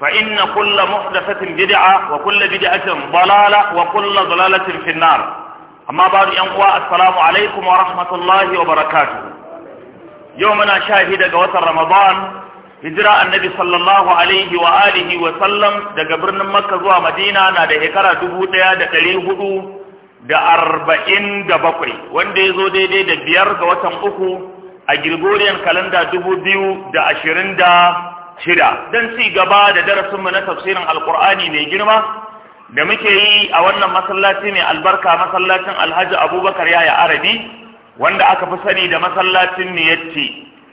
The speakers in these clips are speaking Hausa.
فإن كل محدثة بدعة وكل بدعة ضلالة وكل ضلالة في النار أما بعد ينقوى السلام عليكم ورحمة الله وبركاته يومنا شاهد قوات رمضان هجرة النبي صلى الله عليه وآله وسلم دا قبرنا مكة زوا مدينة نادا هكرا دبوتا دا تليهدو دا أربعين دا بقري وان دي زو دي دي دا بيار قوات أخو أجربوريان كالندا دبو ديو دا أشرين دا shida don ci gaba da darasinmu na tafsirin alkur'ani mai girma da muke yi a wannan masallaci mai albarka masallacin alhaji abubakar yaya arabi wanda aka fi sani da masallacin niyatti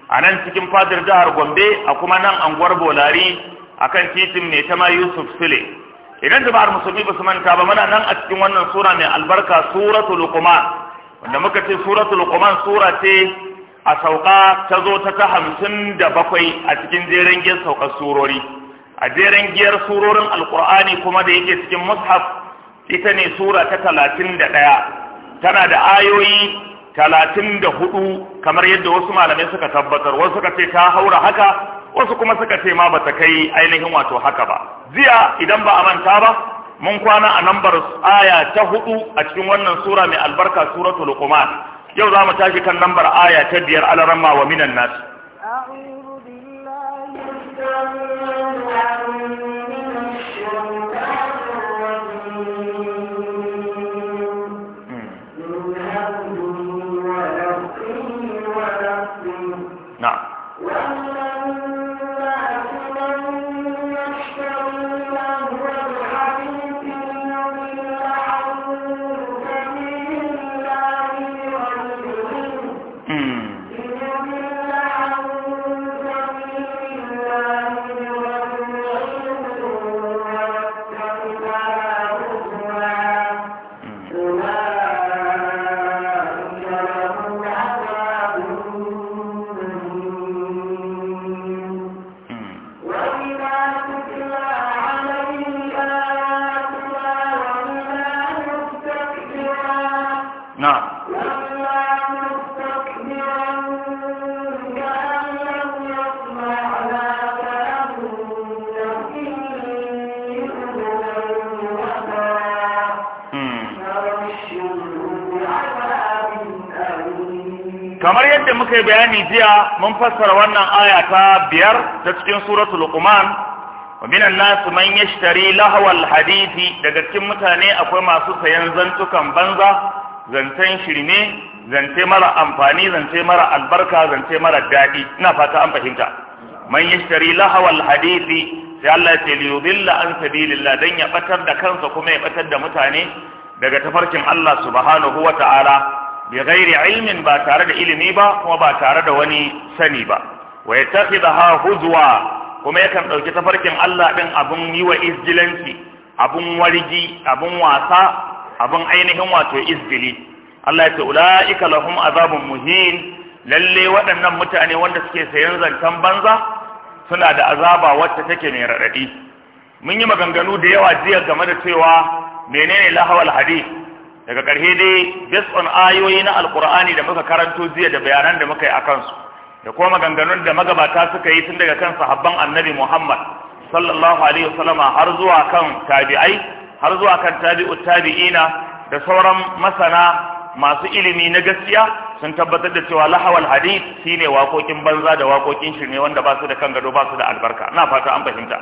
a nan cikin fadar jihar gombe a kuma nan anguwar bolari a kan titin mai tama yusuf sule idan jama'ar musulmi ba su manta ba muna nan a cikin wannan sura mai albarka suratul luqman wanda muka ce suratul luqman sura ce a sauka ta zo ta ta hamsin da bakwai a cikin jeren giyar saukar surori a jeren giyar surorin alkur'ani kuma da yake cikin mushaf ita ne sura ta talatin da ɗaya tana da ayoyi talatin da hudu kamar yadda wasu malamai suka tabbatar wasu suka ce ta haura haka wasu kuma suka ce ma ba ta kai ainihin wato haka ba jiya idan ba a manta ba mun kwana a nambar aya ta hudu a cikin wannan sura mai albarka suratul luqman يوضع متاجك النمبر آية تدير على رمى ومن الناس أعوذ بالله نعم muka yi bayani jiya mun fassara wannan aya ta biyar ta cikin suratul luqman wa nasu nas man yashtari lahwal hadisi daga cikin mutane akwai masu sayan zantukan banza zancen shirme zance mara amfani zance mara albarka zance mara daɗi ina fata an fahimta man yashtari lahwal hadisi sai Allah ya ce li yudilla an sabilillah dan ya batar da kansa kuma ya batar da mutane daga tafarkin Allah subhanahu wa ta'ala bi ghairi ilmin ba tare da ilimi ba kuma ba tare da wani sani ba wa yattakhidha huzwa kuma yakan dauki tafarkin Allah din abun yi wa izgilanci abun warigi abun wasa abun ainihin wato izgili Allah ya ce ulaika lahum azabun muhin lalle waɗannan mutane wanda suke sayan zancen banza suna da azaba wacce take mai raɗaɗi mun yi maganganu da yawa jiya game da cewa menene lahawal hadith daga ƙarshe dai based on ayoyi na alkur'ani da muka karanto jiya da bayanan da muka yi a kansu da kuma maganganun da magabata suka yi tun daga kan sahabban annabi muhammad sallallahu alaihi wasallama har zuwa kan tabi'ai har zuwa kan tabi'u tabi'ina da sauran masana masu ilimi na gaskiya sun tabbatar da cewa lahawal hadith shine wakokin banza da wakokin shirme wanda ba su da kan gado ba su da albarka na fata an fahimta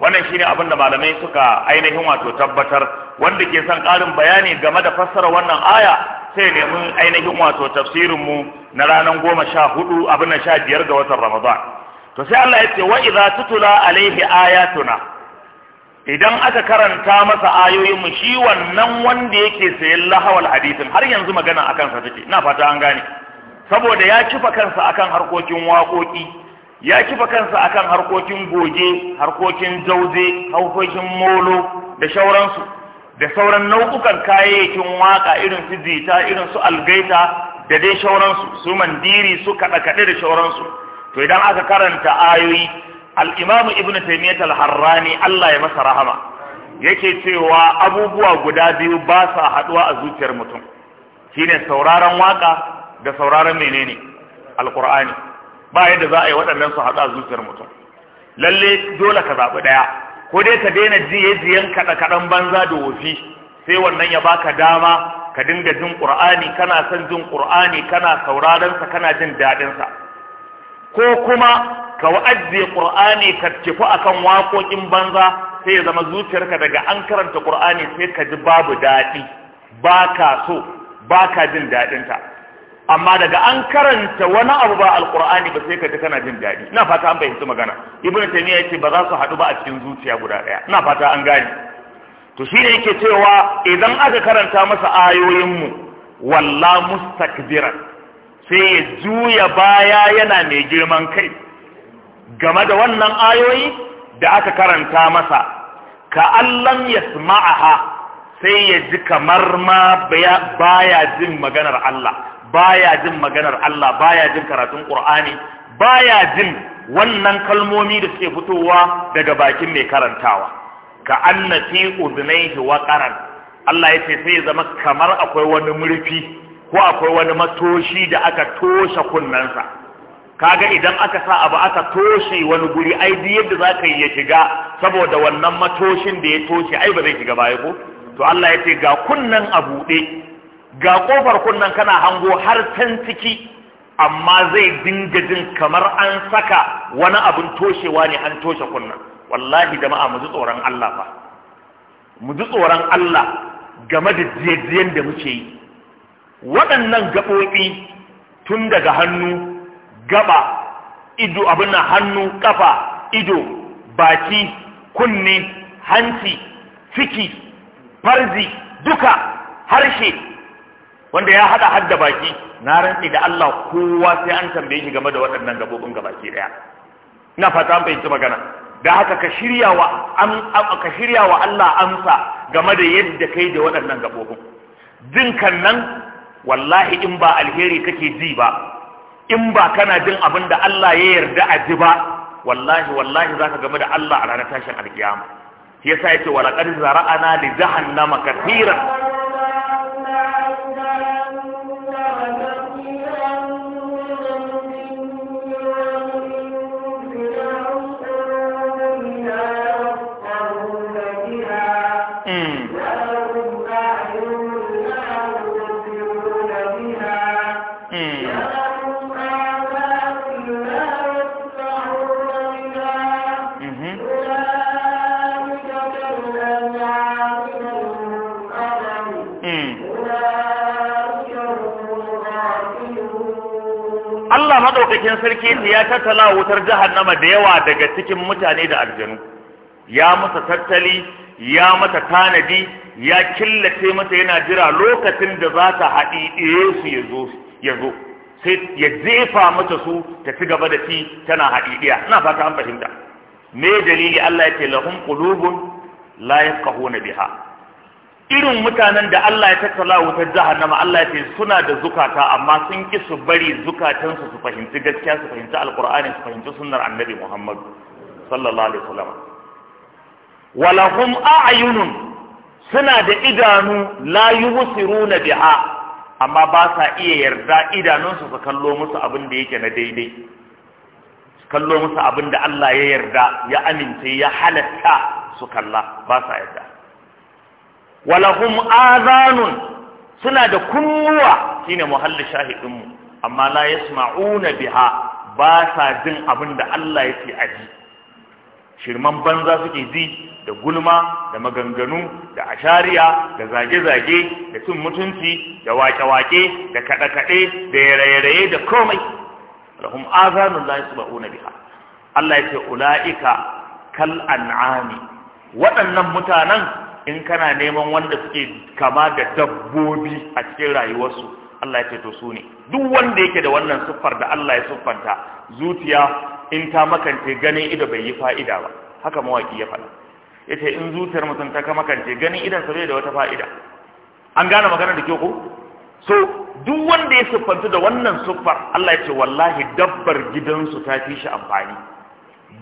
wannan shine abin da malamai suka ainihin wato tabbatar wanda ke son ƙarin bayani game da fassara wannan aya sai nemi ainihin wato tafsirin mu na ranar goma sha hudu abin da sha biyar ga watan ramadan to sai Allah ya ce wa idza tutula alaihi ayatuna idan aka karanta masa ayoyin mu shi wannan wanda yake sayan lahawal hadisin har yanzu magana akan sa take ina fata an gane saboda ya kifa kansa akan harkokin waƙoƙi ya kifa kansa akan harkokin goge harkokin jauje harkokin molo da shauransu da sauran nau'ukan kayayyakin waka irin su jita irin su algaita da dai shauransu su mandiri su kaɗe-kaɗe da shauransu to idan aka karanta ayoyi al'imamu ibn taimiyyat al-harrani Allah ya masa rahama yake cewa abubuwa guda biyu ba sa haɗuwa a zuciyar mutum shine sauraron waka da sauraron menene al al-qur'ani ba yadda za a yi waɗannan su haɗa zuciyar mutum lalle dole ka zaɓi ɗaya ko dai ka daina jiye jiyen kaɗa kaɗan banza da wofi sai wannan ya baka dama ka dinga jin ƙur'ani kana son jin ƙur'ani kana sauraron sa kana jin daɗin sa ko kuma ka wa'ajiye ƙur'ani ka tafi akan waƙoƙin banza sai ya zama zuciyarka daga an karanta ƙur'ani sai ka ji babu daɗi ba ka so ba ka jin ta. amma daga an karanta wani abu ba alqur'ani ba sai ka ji kana jin daɗi ina fata an fahimci magana ibnu taymiya yace ba za su haɗu ba a cikin zuciya guda ɗaya ina fata an gane to shi yake cewa idan aka karanta masa ayoyin mu walla mustakbiran sai ya juya baya yana mai girman kai game da wannan ayoyi da aka karanta masa ka allan yasma'aha sai ya ji kamar ma baya jin maganar Allah baya jin maganar Allah baya jin karatun Qur'ani baya jin wannan kalmomi da suke fitowa daga bakin mai karantawa ka annati udnaihi wa qaran Allah yace sai ya zama kamar akwai wani murfi ko akwai wani matoshi da aka toshe kunnansa kaga idan aka sa abu aka toshe wani guri ai duk yadda zaka yi ya shiga saboda wannan matoshin da ya toshe ai ba zai shiga baya ko to Allah yace ga kunnan a buɗe ga kofar kunnan kana hango har can ciki amma zai dinga jin kamar an saka wani abin toshewa ne an toshe kunnan wallahi jama'a mu ji tsoron Allah fa mu ji tsoron Allah game da jiyajiyan da muke yi waɗannan gaɓoɓi tun daga hannu gaba ido abin nan hannu kafa ido baki kunne hanci ciki farzi duka harshe wanda ya hada hadda baki na rantsi da Allah kowa sai an tambaye shi game da waɗannan gabobin gabaki daya ina fata an fahimci magana da haka ka shirya wa ka shirya wa Allah amsa game da yadda kai da waɗannan gabobin kan nan wallahi in ba alheri kake ji ba in ba kana jin abin da Allah ya yarda a ji ba wallahi wallahi zaka game da Allah a ranar tashin alkiyama shi yasa yake wa laqad zara'ana li jahannama kathiran Allah madaukakin sarki ya tattala wutar jahannama da yawa daga cikin mutane da aljanu ya masa tattali ya mata tanadi ya killace mata yana jira lokacin da za ta haɗi ɗaya su ya zo sai ya jefa mata su ta ci gaba da ci tana haɗi ɗaya ina fata an fahimta me dalili Allah ya ce lahum qulubun la yafqahuna biha irin mutanen da Allah ya tattala wutar jahannama Allah ya ce suna da zukata amma sun ki su bari zukatansu su fahimci gaskiya su fahimci alkur'ani su fahimci sunnar annabi Muhammad sallallahu alaihi wasallam walahum a'yunun suna da idanu la yubsiruna biha amma ba sa iya yarda idanunsu su kallo musu abin da yake na daidai kallo musu abin da Allah ya yarda ya amince ya halatta su kalla ba sa yarda walahum azanun suna da kunnuwa shine muhalli shahi mu amma la yasma'una biha ba sa jin abin da Allah yake aji shirman banza suke ji da gulma da maganganu da ashariya da zage-zage da cin mutunci da wake-wake da kaɗe kade da raye da komai lahum azanun la yasma'una biha Allah yake ula'ika kal an'ami waɗannan mutanen in kana neman wanda suke kama da dabbobi a cikin rayuwarsu Allah ya ce to su ne duk wanda yake da wannan siffar da Allah ya siffanta zuciya in ta makance ganin ido bai yi fa'ida ba haka mawaki ya faɗa yace in zuciyar mutum ta makance ganin idan sa bai da wata fa'ida an gane magana da ke ko so duk wanda ya siffantu da wannan siffar Allah ya ce wallahi dabbar gidansu ta fi shi amfani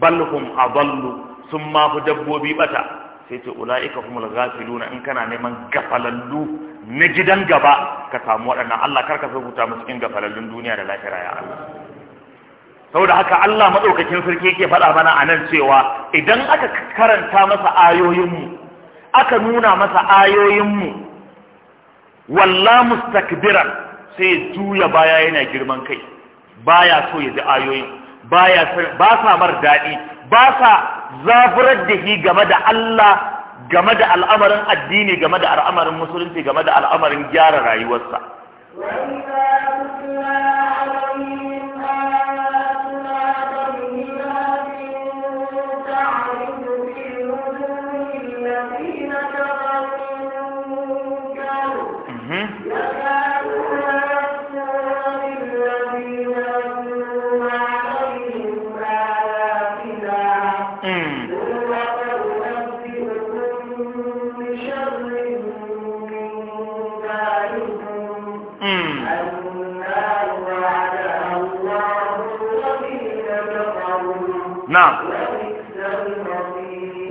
balhum adallu sun ma fi dabbobi bata sai ce ula'ika humul ghafiluna in kana neman gafalallu na gidan gaba ka samu waɗannan Allah kar ka rubuta musu cikin gafalallun duniya da lahira ya Allah saboda haka Allah madaukakin sarki ke faɗa mana a nan cewa idan aka karanta masa ayoyinmu aka nuna masa ayoyinmu walla mustakbira sai juya baya yana girman kai baya so ya ji ayoyin baya ba sa mar daɗi ba sa zafurar da shi game da Allah game da al'amarin addini game da al'amarin musulunci game da al'amarin gyara rayuwarsa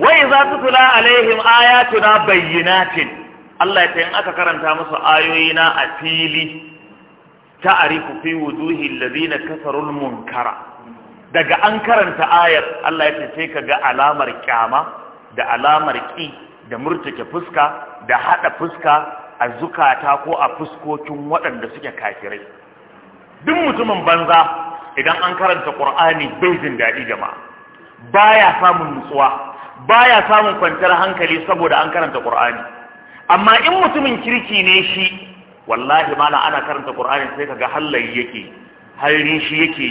wai za su tula alaihim ayatuna bayyinatin Allah ya in aka karanta musu ayoyina a fili ta'arifu fi wuduhi alladhina kafaru almunkara daga an karanta ayar Allah ya ce sai kaga alamar kyama da alamar ki da murtuke fuska da hada fuska a zukata ko a fuskokin waɗanda suke kafirai duk mutumin banza idan an karanta qur'ani bai jin daɗi jama'a baya samun nutsuwa baya samun kwantar hankali saboda an karanta Qur'ani amma in mutumin kirki ne shi wallahi mala ana karanta Qur'ani sai kaga hallayi yake harin shi yake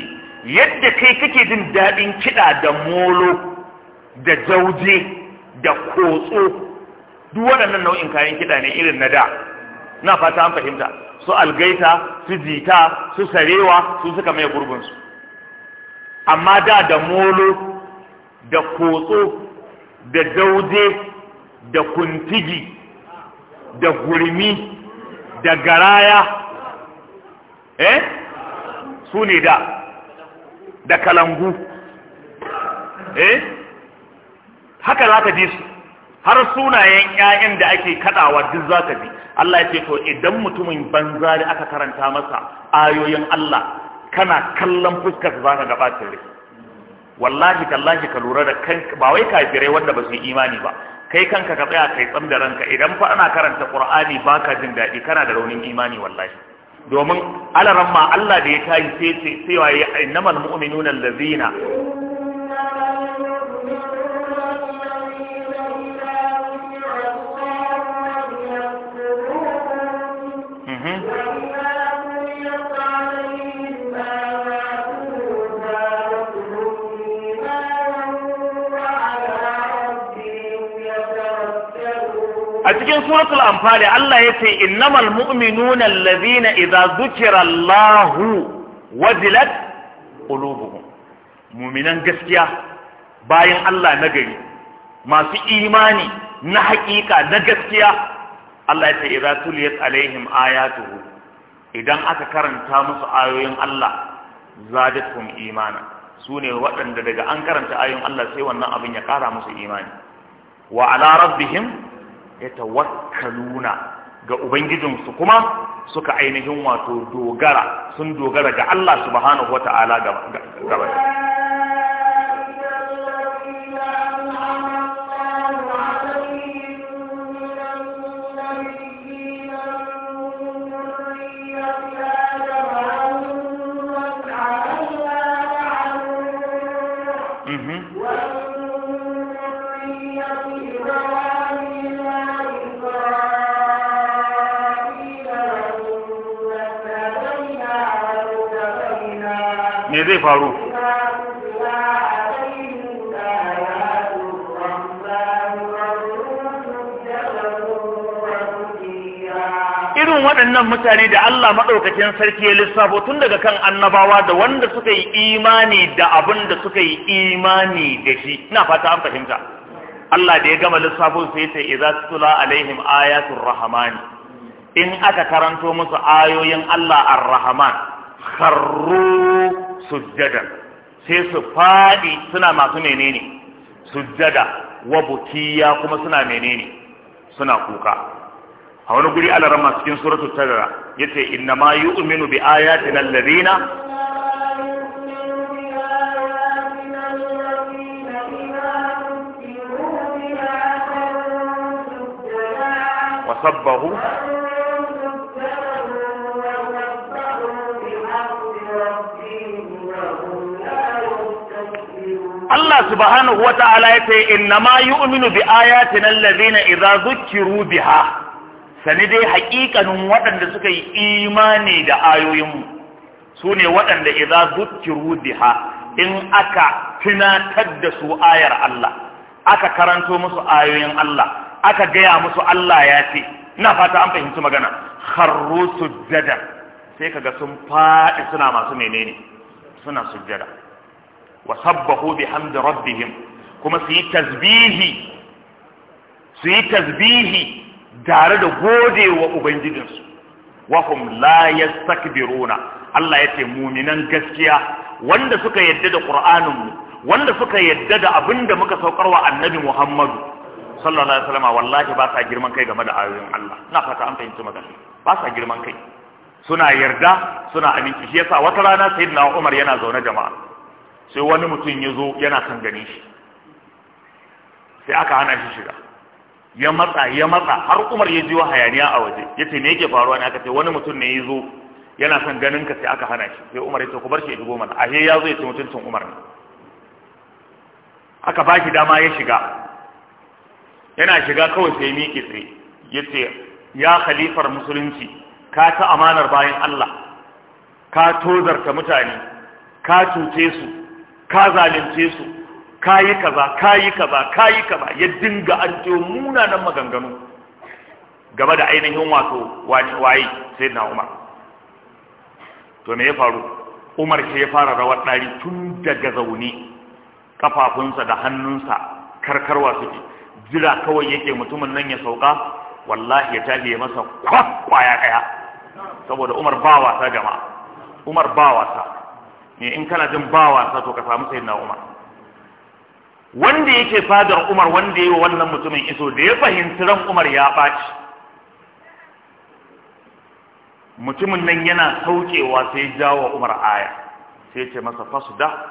yadda kai kake jin dadin kida da molo da jauje da kotso duk waɗannan nau'in kayan kiɗa ne irin na da na fata an fahimta su algaita su jita su sarewa su suka mai gurbinsu amma da da molo da kotso da dauje da kuntigi da gurmi da garaya eh su ne da da kalangu eh haka za ka ji su har sunayen ƴaƴan da ake kaɗawa duk za ka ji Allah ya to idan mutumin banzari aka karanta masa ayoyin Allah kana kallon fuskar za ka gabacin rai wallahi tallahi ka lura da kanka ba wai kafirai wanda ba su yi imani ba kai kanka ka tsaya kai tsam da ranka idan fa ana karanta qur'ani baka jin daɗi kana da raunin imani wallahi domin alaran ma Allah da ya tayi sai sai sai innamal mu'minuna allazina cikin suratul anfali Allah ya ce innamal mu'minuna allazina idza zukira Allahu wajilat qulubuhum mu'minan gaskiya bayan Allah na gari masu imani na hakika na gaskiya Allah ya ce idza tuliyat alaihim ayatuhu idan aka karanta musu ayoyin Allah zadatuhum imana sune waɗanda daga an karanta ayoyin Allah sai wannan abin ya ƙara musu imani wa ala rabbihim ya tawakkaluna ga ubangijinsu kuma suka ainihin wato dogara sun dogara ga Allah subhanahu wata'ala gaba me zai faru irin waɗannan mutane da Allah maɗaukakin sarki ya lissafo tun daga kan annabawa da wanda suka yi imani da abin da suka yi imani da shi ina fata an fahimta Allah da ya gama lissafo sai sai iza tula alaihim ayatul rahmani in aka karanto musu ayoyin Allah ar-rahman kharru sujjada sai su fadi suna masu menene sujjada wa bukiya kuma suna menene suna kuka a wani guri alarama cikin suratul tadara yace inna ma yu'minu bi ayatina alladhina wasabbahu Allah subhanahu wa ta'ala ya ce inna ma yu'minu bi ayatina allazina idza zukkiru biha sani dai haƙiƙanin waɗanda suka yi imani da ayoyinmu su ne waɗanda idza zukkiru biha in aka tunatar da su ayar Allah aka karanto musu ayoyin Allah aka gaya musu Allah ya ce ina fata an fahimci magana kharru sujjada sai kaga sun faɗi suna masu menene suna sujjada Wasabbahu sabbahu bihamdi kuma suyi yi tasbihi su tasbihi tare da godewa wa ubangijinsu wa hum la yastakbiruna Allah ya ce muminan gaskiya wanda suka yadda da Qur'anin wanda suka yadda da abinda muka saukarwa annabi Muhammadu sallallahu alaihi wasallam wallahi ba sa girman kai game da ayoyin Allah ina fata an fahimci ba sa girman kai suna yarda suna aminci shi yasa wata rana sayyidina Umar yana zaune jama'a sai wani mutum ya zo yana kan gani shi sai aka hana shi shiga ya matsa ya matsa har umar ya jiwa hayaniya a waje ya ce ne yake faruwa ne aka ce wani mutum ne ya zo yana son ganin ka sai aka hana shi sai umar ya ce ku bar shi ya shigo mana ahe ya zo ya ce mutuncin umar ne aka ba shi dama ya shiga yana shiga kawai sai miƙe tsaye ya ce ya khalifar musulunci ka ta amanar bayan Allah ka tozarta mutane ka cuce su ka zalunce su ka kayi kaza kayi kaza kayi kaza ya dinga an ce munanan maganganu Gaba da ainihin wato waye sai na umar to me ya faru umar ke ya fara rawar ɗari tun daga zaune kafafunsa da hannunsa karkarwa suke jira kawai yake mutumin nan ya sauka wallahi ya tafi ya masa kwakwaya ɗaya saboda umar ba wasa jama'a umar ba wasa Eh, in kana jin ba wasa to ka samu sayyidina Umar wanda yake fadar Umar wanda yayi wannan mutumin iso da ya fahimci ran Umar ya baci mutumin nan yana saukewa sai ya jawo Umar aya sai ya ce masa fasda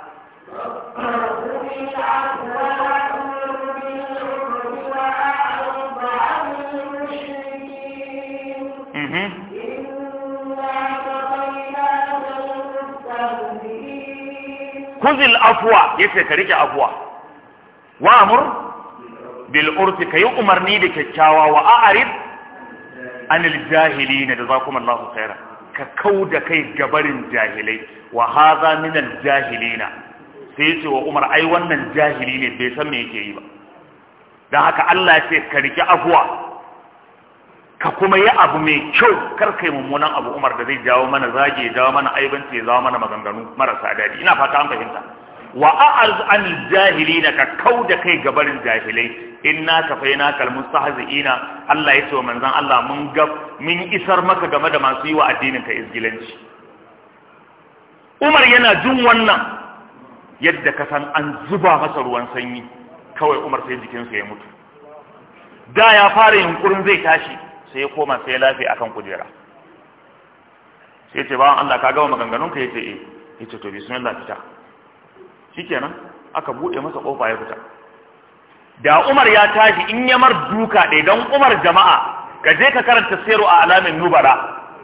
Mm-hmm. kuzil ya ce ka rike afuwa. wa amur bil urfi kayi umarni da kyakkyawa wa a'rid anil jahilin jazakumullahu khairan ka kauda kai gabarin jahilai wa hadha min al jahilina sai ce wa umar ai wannan jahili ne bai san me yake yi ba dan haka Allah ya ce ka rike afuwa. ka kuma yi abu mai kyau kar kai mummunan abu umar da zai jawo mana zage jawo mana aibanci ya jawo mana maganganu marasa daɗi ina fata an fahimta wa a'az an jahilina ka kau da kai gabarin jahilai inna kafaina kal mustahzi'ina Allah ya ce wa manzon Allah mun gab mun isar maka game da masu yi wa addinin ka izgilanci Umar yana jin wannan yadda ka san an zuba masa ruwan sanyi kawai Umar sai jikinsa ya mutu da ya fara yunkurin zai tashi sai koma sai lafi akan kujera sai ce bawan Allah ka gama maganganun ka yace eh yace to bismillah fita shikenan aka bude masa kofa ya fita da Umar ya tashi in ya mar duka dai dan Umar jama'a ka je ka karanta siru a alamin nubara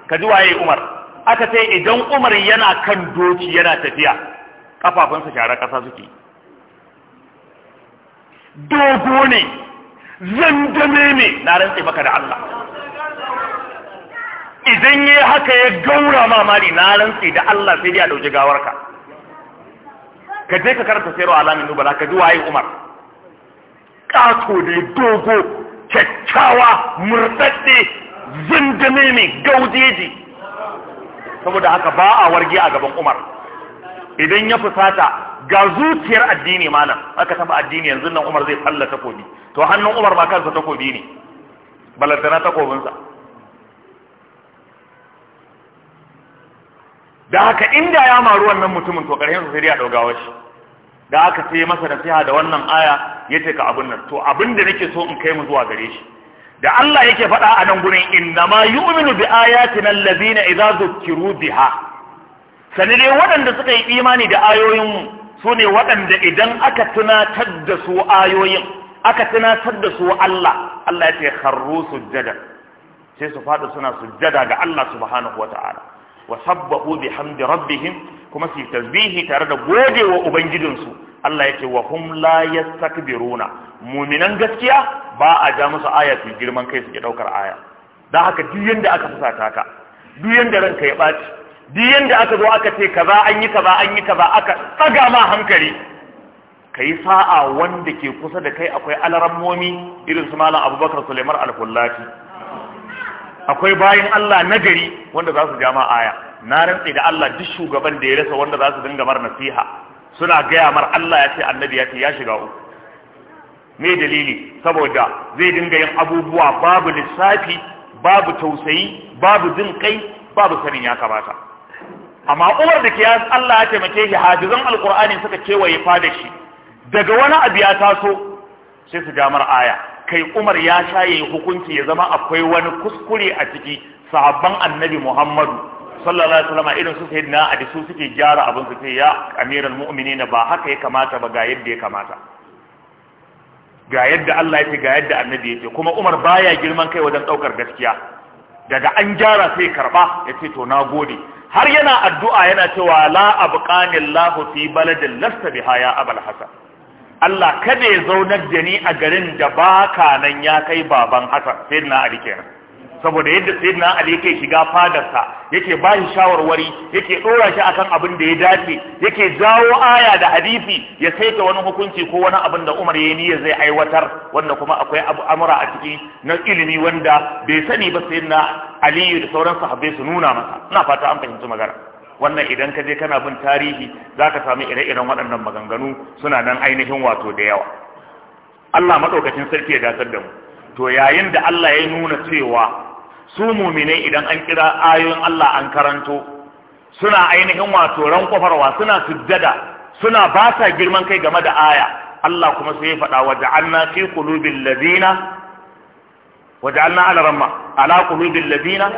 ka ji waye Umar aka ce idan Umar yana kan doki yana tafiya kafafunsa shara kasa suke dogo ne zandame ne na rantse maka da Allah idan ya haka ya gaura ma mali na rantsi da Allah sai dai a ɗauki gawarka ka je ka karanta sayarwa alamin nubala ka ji waye umar ƙato da dogo kyakkyawa murɗaɗɗe zindime ne gaujeji saboda haka ba a warge a gaban umar idan ya fusata ga zuciyar addini malam aka taba addini yanzu nan umar zai fallata takobi to hannun umar ba kansa takobi ne balantana takobinsa da haka inda ya maru wannan mutumin to ƙarshen sai ya daugawa shi da haka sai masa nasiha da wannan aya ya ce ka abin nan to abin da nake so in kai mu zuwa gare shi da Allah yake faɗa a nan gurin innama yu'minu bi ayatina allazina idza zukkiru biha sani dai waɗanda suka yi imani da ayoyinmu su ne waɗanda idan aka tunatar da su ayoyin aka tunatar da su Allah Allah ya ce kharru sujjada sai su faɗi suna sujada ga Allah subhanahu wata'ala wa sabbahu bihamdi rabbihim kuma su tasbihi tare da godewa ubangijinsu Allah yake wa hum la yastakbiruna muminan gaskiya ba a ja musu aya su girman kai su ki daukar aya dan haka duk yanda aka fusata ka duk yanda ranka ya baci duk yanda aka zo aka ce kaza an yi kaza an yi kaza aka tsaga ma hankali kai sa'a wanda ke kusa da kai akwai alarammomi irin su malam Abubakar Sulaiman Al-Kullati akwai bayan Allah nagari wanda za su ma aya na rantse da Allah duk shugaban da ya rasa wanda za su dinga mar nasiha suna gaya mar Allah ya ce annabi ya ce ya shiga uku me dalili saboda zai dinga yin abubuwa babu lissafi babu tausayi babu jin kai babu sanin ya kamata amma umar da kiyas Allah ya taimake shi hajizan alkur'ani suka kewaye fada shi daga wani abu ya taso sai su mar aya kai umar ya sha yayi hukunci ya zama akwai wani kuskure a ciki sahabban annabi muhammadu sallallahu alaihi wasallam irin su sayyidina adi su suke gyara abin su sai ya amiral mu'minina ba haka ya kamata ba ga yadda ya kamata ga yadda Allah yake ga yadda annabi yake kuma umar baya girman kai wajen daukar gaskiya daga an gyara sai karba yace to nagode har yana addu'a yana cewa la abqanillahu fi baladin lasta biha ya abul hasan Allah kada ya zaunar da ni a garin da baka nan ya kai baban Hassan na Ali kenan saboda yadda na Ali yake shiga fadarsa yake ba shi shawarwari yake dora shi akan abin da ya dace yake jawo aya da hadisi ya saita wani hukunci ko wani abin da Umar yayi niyya zai aiwatar wanda kuma akwai abu amura a ciki na ilimi wanda bai sani ba sai na Ali da sauran sahabbai su nuna masa ina fata an fahimci magana wannan idan ka je kana bin tarihi za ka sami ire-iren waɗannan maganganu suna nan ainihin wato da yawa Allah maɗaukacin sarki ya gasar da mu to yayin da Allah ya nuna cewa su muminai idan an kira ayoyin Allah an karanto suna ainihin wato ran kwafarwa suna sujjada suna ba sa girman kai game da aya Allah kuma sai ya faɗa wa ja'alna fi qulubil ladina wa ja'alna ala ramma ala qulubil ladina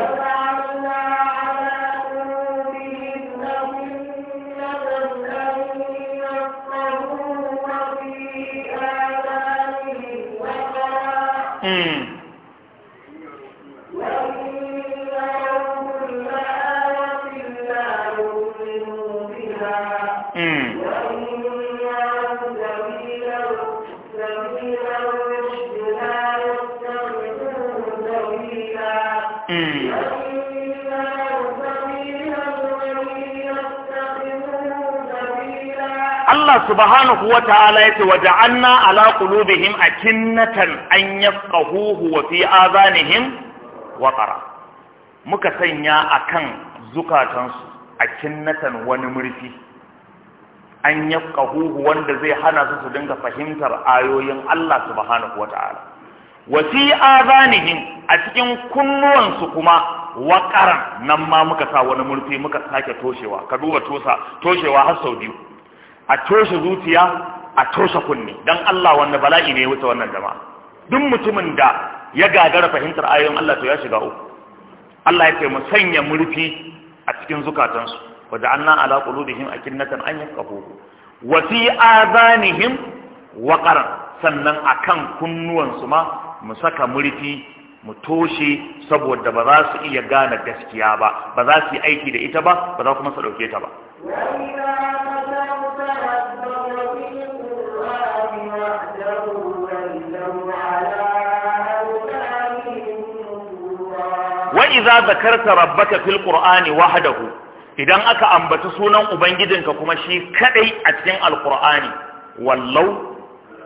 subhanahu wa ta'ala yace wa ja'alna ala qulubihim akinnatan an yafqahuhu wa fi adhanihim waqara muka sanya akan zukatansu akinnatan wani murfi an yafqahuhu wanda zai hana su su dinga fahimtar ayoyin Allah subhanahu wa ta'ala wa fi adhanihim a cikin kunnuwansu kuma waƙaran nan ma muka sa wani murfi muka sake toshewa ka duba tosa toshewa har sau biyu a toshe zuciya a toshe kunne dan Allah wannan bala'i ne wuce wannan jama'a duk mutumin da ya gagara fahimtar ayoyin Allah to ya shiga uku Allah ya ce mu sanya murfi a cikin zukatansu wa ja'alna ala qulubihim akinnatan an yafqahu wa fi adhanihim waqaran sannan akan kunnuwansu ma mu saka murfi mu toshe saboda ba za su iya gane gaskiya ba ba za su yi aiki da ita ba ba za kuma su dauke ta ba iza zakarta rabbaka fil qur'ani wahdahu idan aka ambaci sunan ubangijinka kuma shi kadai a cikin alqur'ani wallau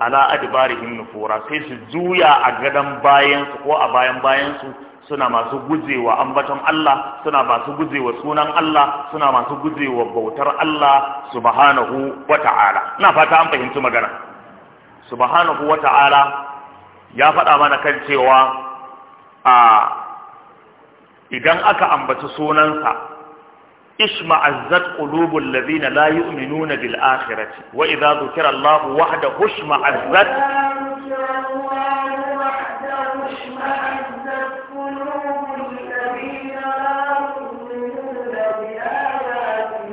ala adbarihim nufura sai su juya a gadan bayan su ko a bayan bayan su suna masu gujewa ambaton Allah suna masu gujewa sunan Allah suna masu gujewa bautar Allah subhanahu wata'ala ina fata an fahimci magana subhanahu wata'ala ya faɗa mana kan cewa a idan aka ambaci sunansa ishma'azzat qulubul ladina la yu'minuna bil akhirati wa idza dhukira Allah wahdahu ishma'azzat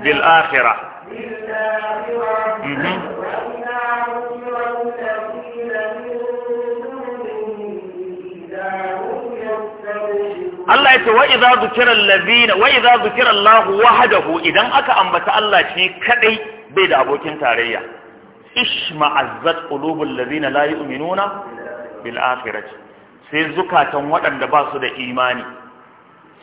bil akhirah Allah ya ce wa idza zukira allazina wa idza zukira Allah wahdahu idan aka ambata Allah shi kadai bai da abokin tarayya ishma'azzat qulubul ladzina la yu'minuna bil akhirati sai zukatan waɗanda ba su da imani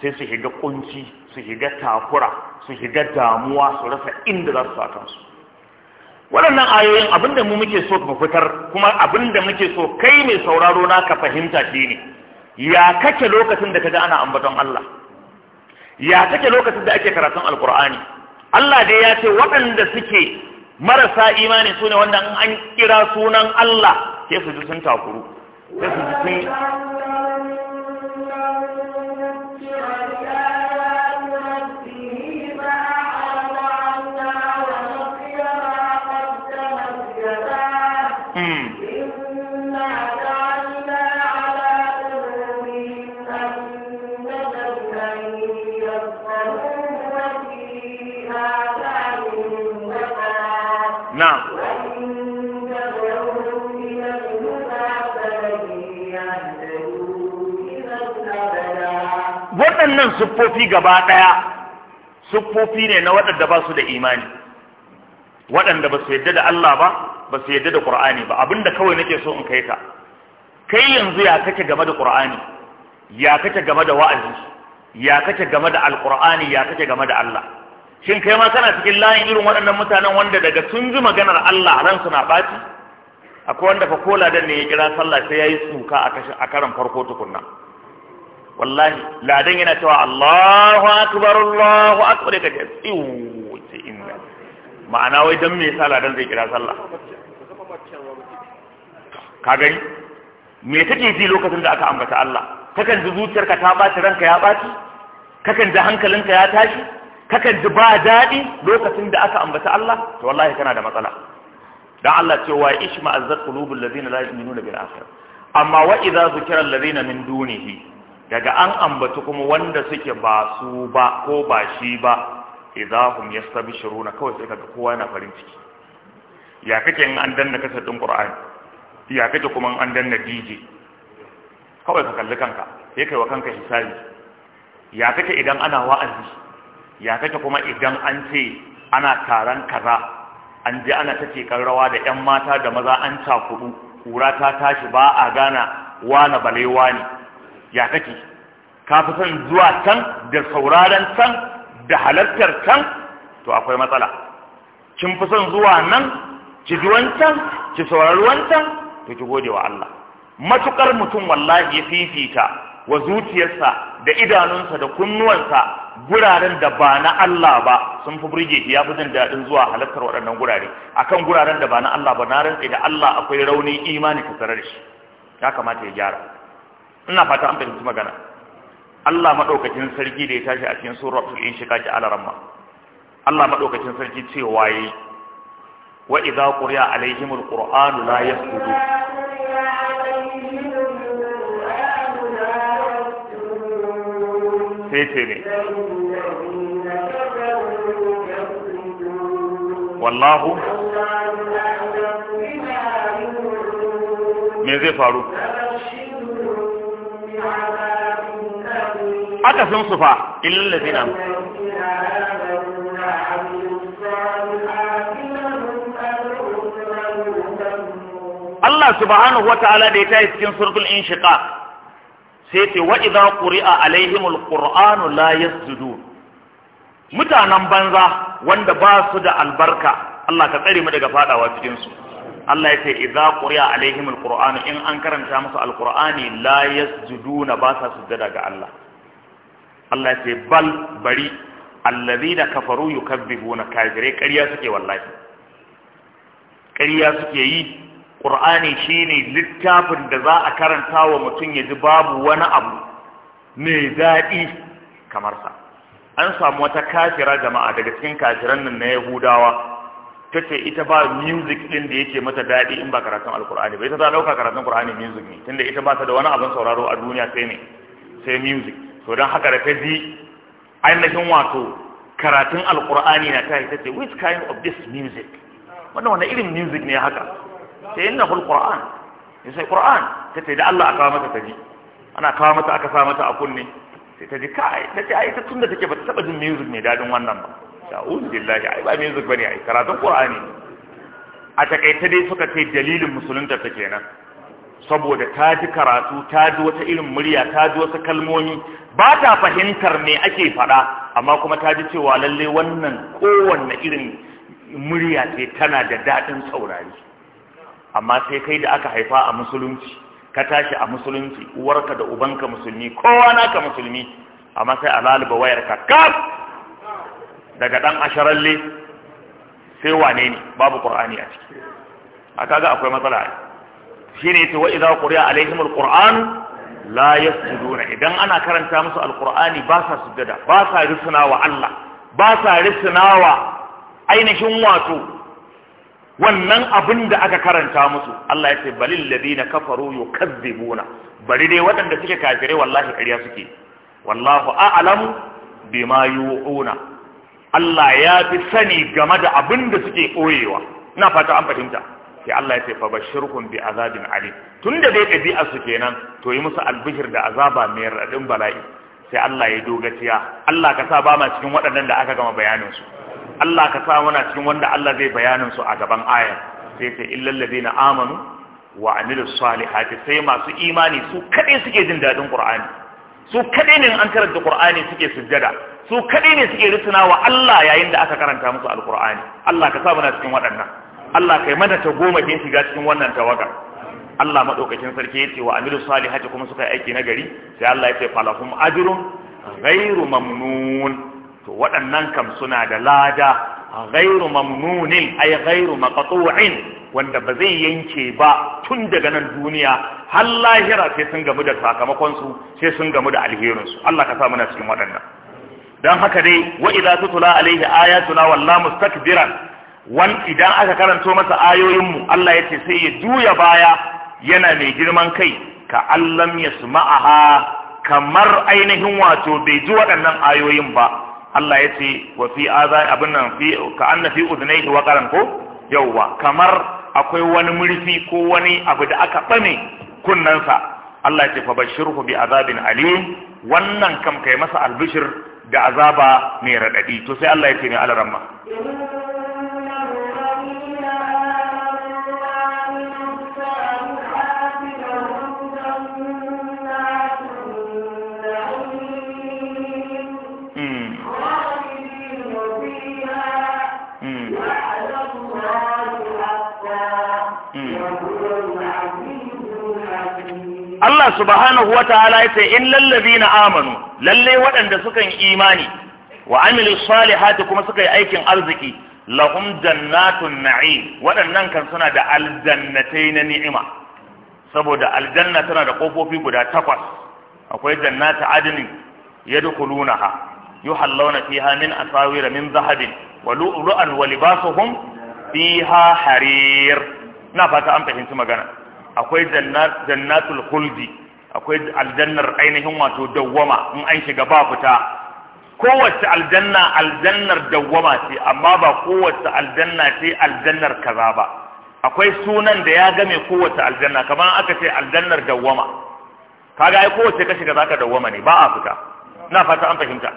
sai su shiga kunci su shiga takura su shiga damuwa su rasa inda za su sa kansu waɗannan ayoyin abinda mu muke so mu fitar kuma abinda muke so kai mai sauraro na ka fahimta shi ne ya kake lokacin da kaga ana ambaton Allah ya kake lokacin da ake karatun alkur'ani Allah dai ya ce waɗanda suke marasa imani sune wanda an kira sunan Allah sai su ji sun takuru sai su ji waɗannan siffofi gaba ɗaya siffofi ne na waɗanda ba su da imani waɗanda ba su yadda da Allah ba ba su yadda da Kur'ani ba abinda kawai nake so in kai ka kai yanzu ya kake game da Kur'ani, ya kake game da wa'azi ya kake game da Alqur'ani ya kake game da Allah shin kai ma kana cikin layin irin waɗannan mutanen wanda daga sun ji maganar Allah ransu na ɓaci akwai wanda fa kola dan ne ya kira sallah sai yayi suka a karan farko tukunna wallahi ladan yana cewa Allahu akbar Allahu akbar ka ce tsiwu ce inna ma'ana wai dan me yasa ladan zai kira sallah ka gani me take ji lokacin da aka ambata Allah kakan ji zuciyarka ta ɓaci ranka ya ɓaci kakan ji hankalinka ya tashi kakan ji ba daɗi lokacin da aka ambata Allah to wallahi kana da matsala Don Allah ce wa ishma azzat qulubul ladina la da bil akhir amma wa idza zukira alladhina min dunihi daga an ambata kuma wanda suke ba su ba ko ba shi ba idza hum na kawai sai kaga kowa yana farin ciki ya kake in an danna kasar ɗin qur'ani ya kake kuma in an danna dj kawai ka kalli kanka sai kai wa kanka hisabi ya kake idan ana wa'azi ya take kuma idan an ce ana taron kaza an je ana ta kan rawa da 'yan mata da maza an cakudu kura ta tashi ba a gana wane balewa ne ya kake ka fi son zuwa can da sauraron can da halartar can to akwai matsala kin fi son zuwa nan ki ji wancan ki saurari wancan to ki gode wa Allah matukar mutum wallahi ya fifita wa zuciyarsa da idanunsa da kunnuwansa guraren da ba na Allah ba sun fi burge shi ya fi jin daɗin zuwa halartar waɗannan gurare akan guraren da ba na Allah ba na rantse da Allah akwai rauni imani ka tsarar shi ya kamata ya gyara ina fata an fahimci magana Allah madaukakin sarki da ya tashi a cikin shika inshiqaq ala ma Allah madaukakin sarki cewa waye, wa idza quriya alaihimul qur'anu la yasjudu sai ce ne wallahu me zai faru aka sun sufa illal ladina Allah subhanahu wa ta'ala da ya tayi cikin suratul inshiqaq sai ce wa idza quri'a alaihimul qur'anu la yasjudun mutanen banza wanda ba su da albarka Allah ka tsare mu daga fadawa cikin su Allah ya ce idza quri'a alaihimul qur'anu in an karanta musu alqur'ani la yasjuduna ba sa sujjada ga Allah Allah ya ce bal bari allazina kafaru yukazzibuna kafirai ƙarya suke wallahi ƙarya suke yi ƙur'ani shine littafin da za a karanta wa mutum ya ji babu wani abu mai daɗi kamar sa an samu wata kafira jama'a daga cikin kafiran nan na yahudawa ta ce ita ba music ɗin da yake mata daɗi in ba karatun alƙur'ani ba ita ta ɗauka karatun ƙur'ani music ne tunda ita ba ta da wani abin sauraro a duniya sai ne sai music to don haka da ta ji ainihin wato karatun alƙur'ani na ta ita ce which kind of this music wannan wani irin music ne haka ta yi nahul ƙura'an ya sai ƙura'an ta ce da Allah a kawo mata ta ji ana kawo mata aka sa mata a kunne sai ta ji kai ta ce ai ta tunda take ba ta taɓa jin music mai daɗin wannan ba sha'udu billahi ai ba music bane ai karatun ƙura'ani a takaita dai suka ce dalilin musulunta ta kenan saboda ta ji karatu ta ji wata irin murya ta ji wasu kalmomi ba ta fahimtar me ake faɗa amma kuma ta ji cewa lalle wannan kowanne irin murya ce tana da daɗin saurari amma sai kai da aka haifa a musulunci ka tashi a musulunci uwarka da ubanka musulmi kowa naka musulmi amma sai a laluba wayarka kaf daga dan asharalle sai wane ne babu qur'ani a ciki a ga akwai matsala shine yace wa idza quriya alaihim alquran la yasjuduna idan ana karanta musu alqur'ani ba sa sujjada ba sa risnawa wa Allah ba sa risnawa ainihin wato wannan abin da aka karanta musu Allah ya ce balil ladina kafaru yukazzibuna bari dai waɗanda suke kafirai wallahi ƙarya suke wallahu a'lamu bima yu'una Allah ya fi sani game da abin da suke koyewa ina fata an fahimta sai Allah ya ce fa bashirhum bi azabin alim tunda dai ɗabi'a su kenan to yi musu albishir da azaba mai radin bala'i sai Allah ya dogaciya Allah ka sa ba ma cikin waɗannan da aka gama bayanin su Allah ka sa muna cikin wanda Allah zai bayanin su a gaban ayar sai sai illal ladina amanu wa amilus salihati sai masu imani su kadai suke jin dadin Qur'ani su kadai ne an karanta Qur'ani suke sujjada su kadai ne suke rusuna wa Allah yayin da aka karanta musu alqur'ani Allah ka sa muna cikin waɗannan Allah kai mana ta goma kin shiga cikin wannan tawaga Allah madaukakin sarki yace wa amilus salihati kuma suka yi aiki na gari sai Allah yace falahum ajrun ghairu mamnun to waɗannan kam suna da lada gairu mamnunin ay gairu maqtu'in wanda ba zai yanke ba tun daga nan duniya har lahira sai sun gamu da sakamakonsu, sai sun gamu da alherinsu. Allah ka sa muna cikin waɗannan Don haka dai wa idza tutla alaihi ayatuna walla mustakbiran wan idan aka karanto masa ayoyin mu Allah yace sai ya juya baya yana mai girman kai ka allam yasma'aha kamar ainihin wato bai ji waɗannan ayoyin ba Allah ya ce wa fi azai abin nan fi ka anna fi udnai wa qaran ko yawwa kamar akwai wani murfi ko wani abu da aka bane kunnansa Allah ya ce fa bashirhu bi azabin alim wannan kam kai masa albishir da azaba mai radadi to sai Allah ya ce ne alaramma Allah subhanahu wa ta'ala ya ce in lallabi na amanu lalle waɗanda sukan imani wa amilu salihati kuma suka yi aikin arziki lahum jannatun na'i waɗannan kan suna da aljannatai na ni'ima saboda aljanna tana da ƙofofi guda takwas akwai jannata adinin yadkhulunaha yuhallawna fiha min asawir min zahabin wa lu'lu'an wa libasuhum fiha harir na fata an fahimci magana akwai jannatul khuldi akwai aljannar ainihin wato dawwama in an shiga ba fita kowace aljanna aljannar dawwama ce amma ba kowace aljanna ce aljannar kaza ba akwai sunan da ya game kowace aljanna kamar aka ce aljannar dawwama kaga ai kowace ka shiga zaka dawwama ne ba a fita na fata an fahimta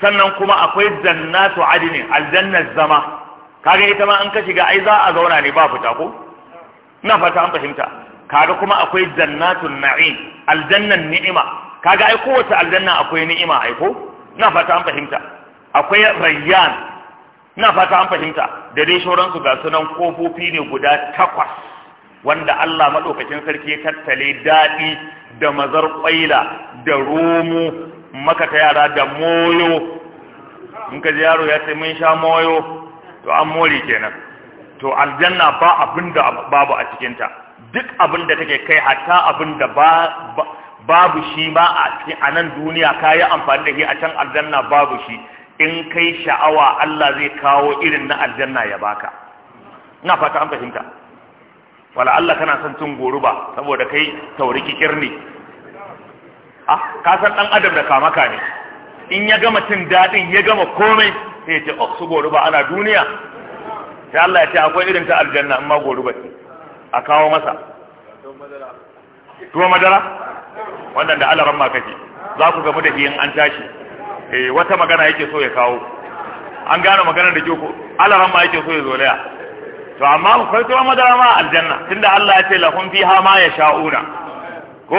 sannan kuma akwai jannatu adinin aljannar zama kaga ita ma an ka shiga ai za a zauna ne ba fita ko ina fata an fahimta kaga kuma akwai jannatun na'im aljannan ni'ima kaga ai kowace aljanna akwai ni'ima ai ko ina fata an fahimta akwai rayyan ina fata an fahimta da dai su ga sunan kofofi ne guda takwas wanda Allah madaukakin sarki ya tattale daɗi da mazar ƙwaila da romo maka ta yara da moyo in ka ji yaro ya ce mun sha moyo to an more kenan to aljanna ba abin da babu a cikinta duk abin da take kai hatta abin da babu shi ma a nan duniya ka amfani da shi a can aljanna babu shi in kai sha'awa Allah zai kawo irin na aljanna ya baka ina fata an fahimta wala Allah kana son cin goruba saboda kai tauriki kirni ah ka san dan adam da kamaka ne in ya gama cin dadin ya gama komai sai ya ce oh su goruba ana duniya sai Allah ya ce akwai irin ta aljanna amma goru ba a kawo masa tuwa madara wannan da alaran ma kake za ku gamu da shi an tashi eh wata magana yake so ya kawo an gane maganar da kyau alaran ma yake so ya zolaya to amma akwai tuwa madara ma aljanna tunda Allah ya ce lahum fiha ma yasha'una ko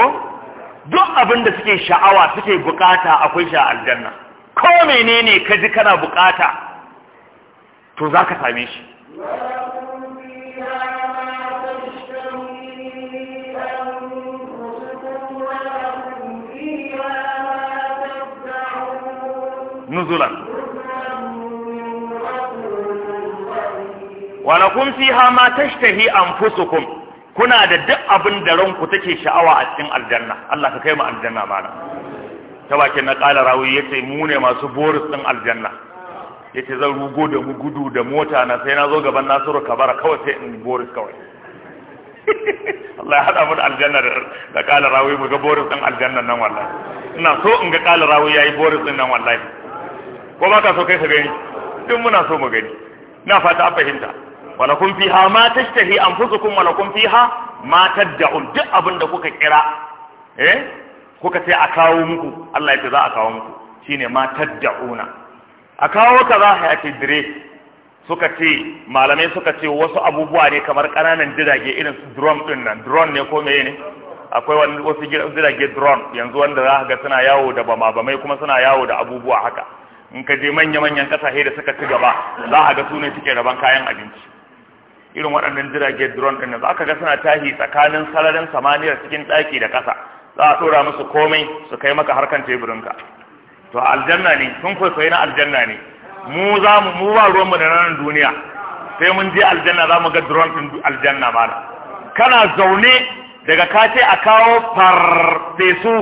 duk abin da suke sha'awa suke bukata akwai shi a aljanna ko menene ka ji kana bukata to zaka same shi نزلا ولكم فيها ما تشتهي أنفسكم kuna da duk abin da ranku take sha'awa a cikin aljanna Allah ka kai mu aljanna mana ta bakin na ƙala rawi yace mu ne masu boris ɗin aljanna ya ce zan rugo da mu gudu da mota na sai na zo gaban nasiru kabara kawai sai in boris kawai Allah ya haɗa mu da aljanna da kala rawi mu ga boris ɗin aljannan nan wallahi ina so in ga kala rawi ya yi boris ɗin nan wallahi ko ba ka so kai ka gani duk muna so mu gani na fata an fahimta kun fiha ma tashtahi anfusukum kun fiha ma tad'un duk abin da kuka kira eh kuka sai a kawo muku Allah ya ce za a kawo muku shine ma tad'una a kawo za a yake dire suka ce malamai suka ce wasu abubuwa ne kamar ƙananan jirage irin su drone din nan drone ne ko ne akwai wasu jirage drone yanzu wanda za ga suna yawo da bama bamai kuma suna yawo da abubuwa haka in ka je manya-manyan kasashe da suka ci gaba za a ga sune suke raban kayan abinci irin waɗannan jirage drone ɗin za ka ga suna tahi tsakanin sararin samaniyar cikin ɗaki da ƙasa za a ɗora musu komai su kai maka harkar teburinka to aljanna ne sun kwaikwayi na aljanna ne mu za mu mu ba ruwanmu da nan duniya sai mun je aljanna za mu ga drone din aljanna ma kana zaune daga ka a kawo farfesu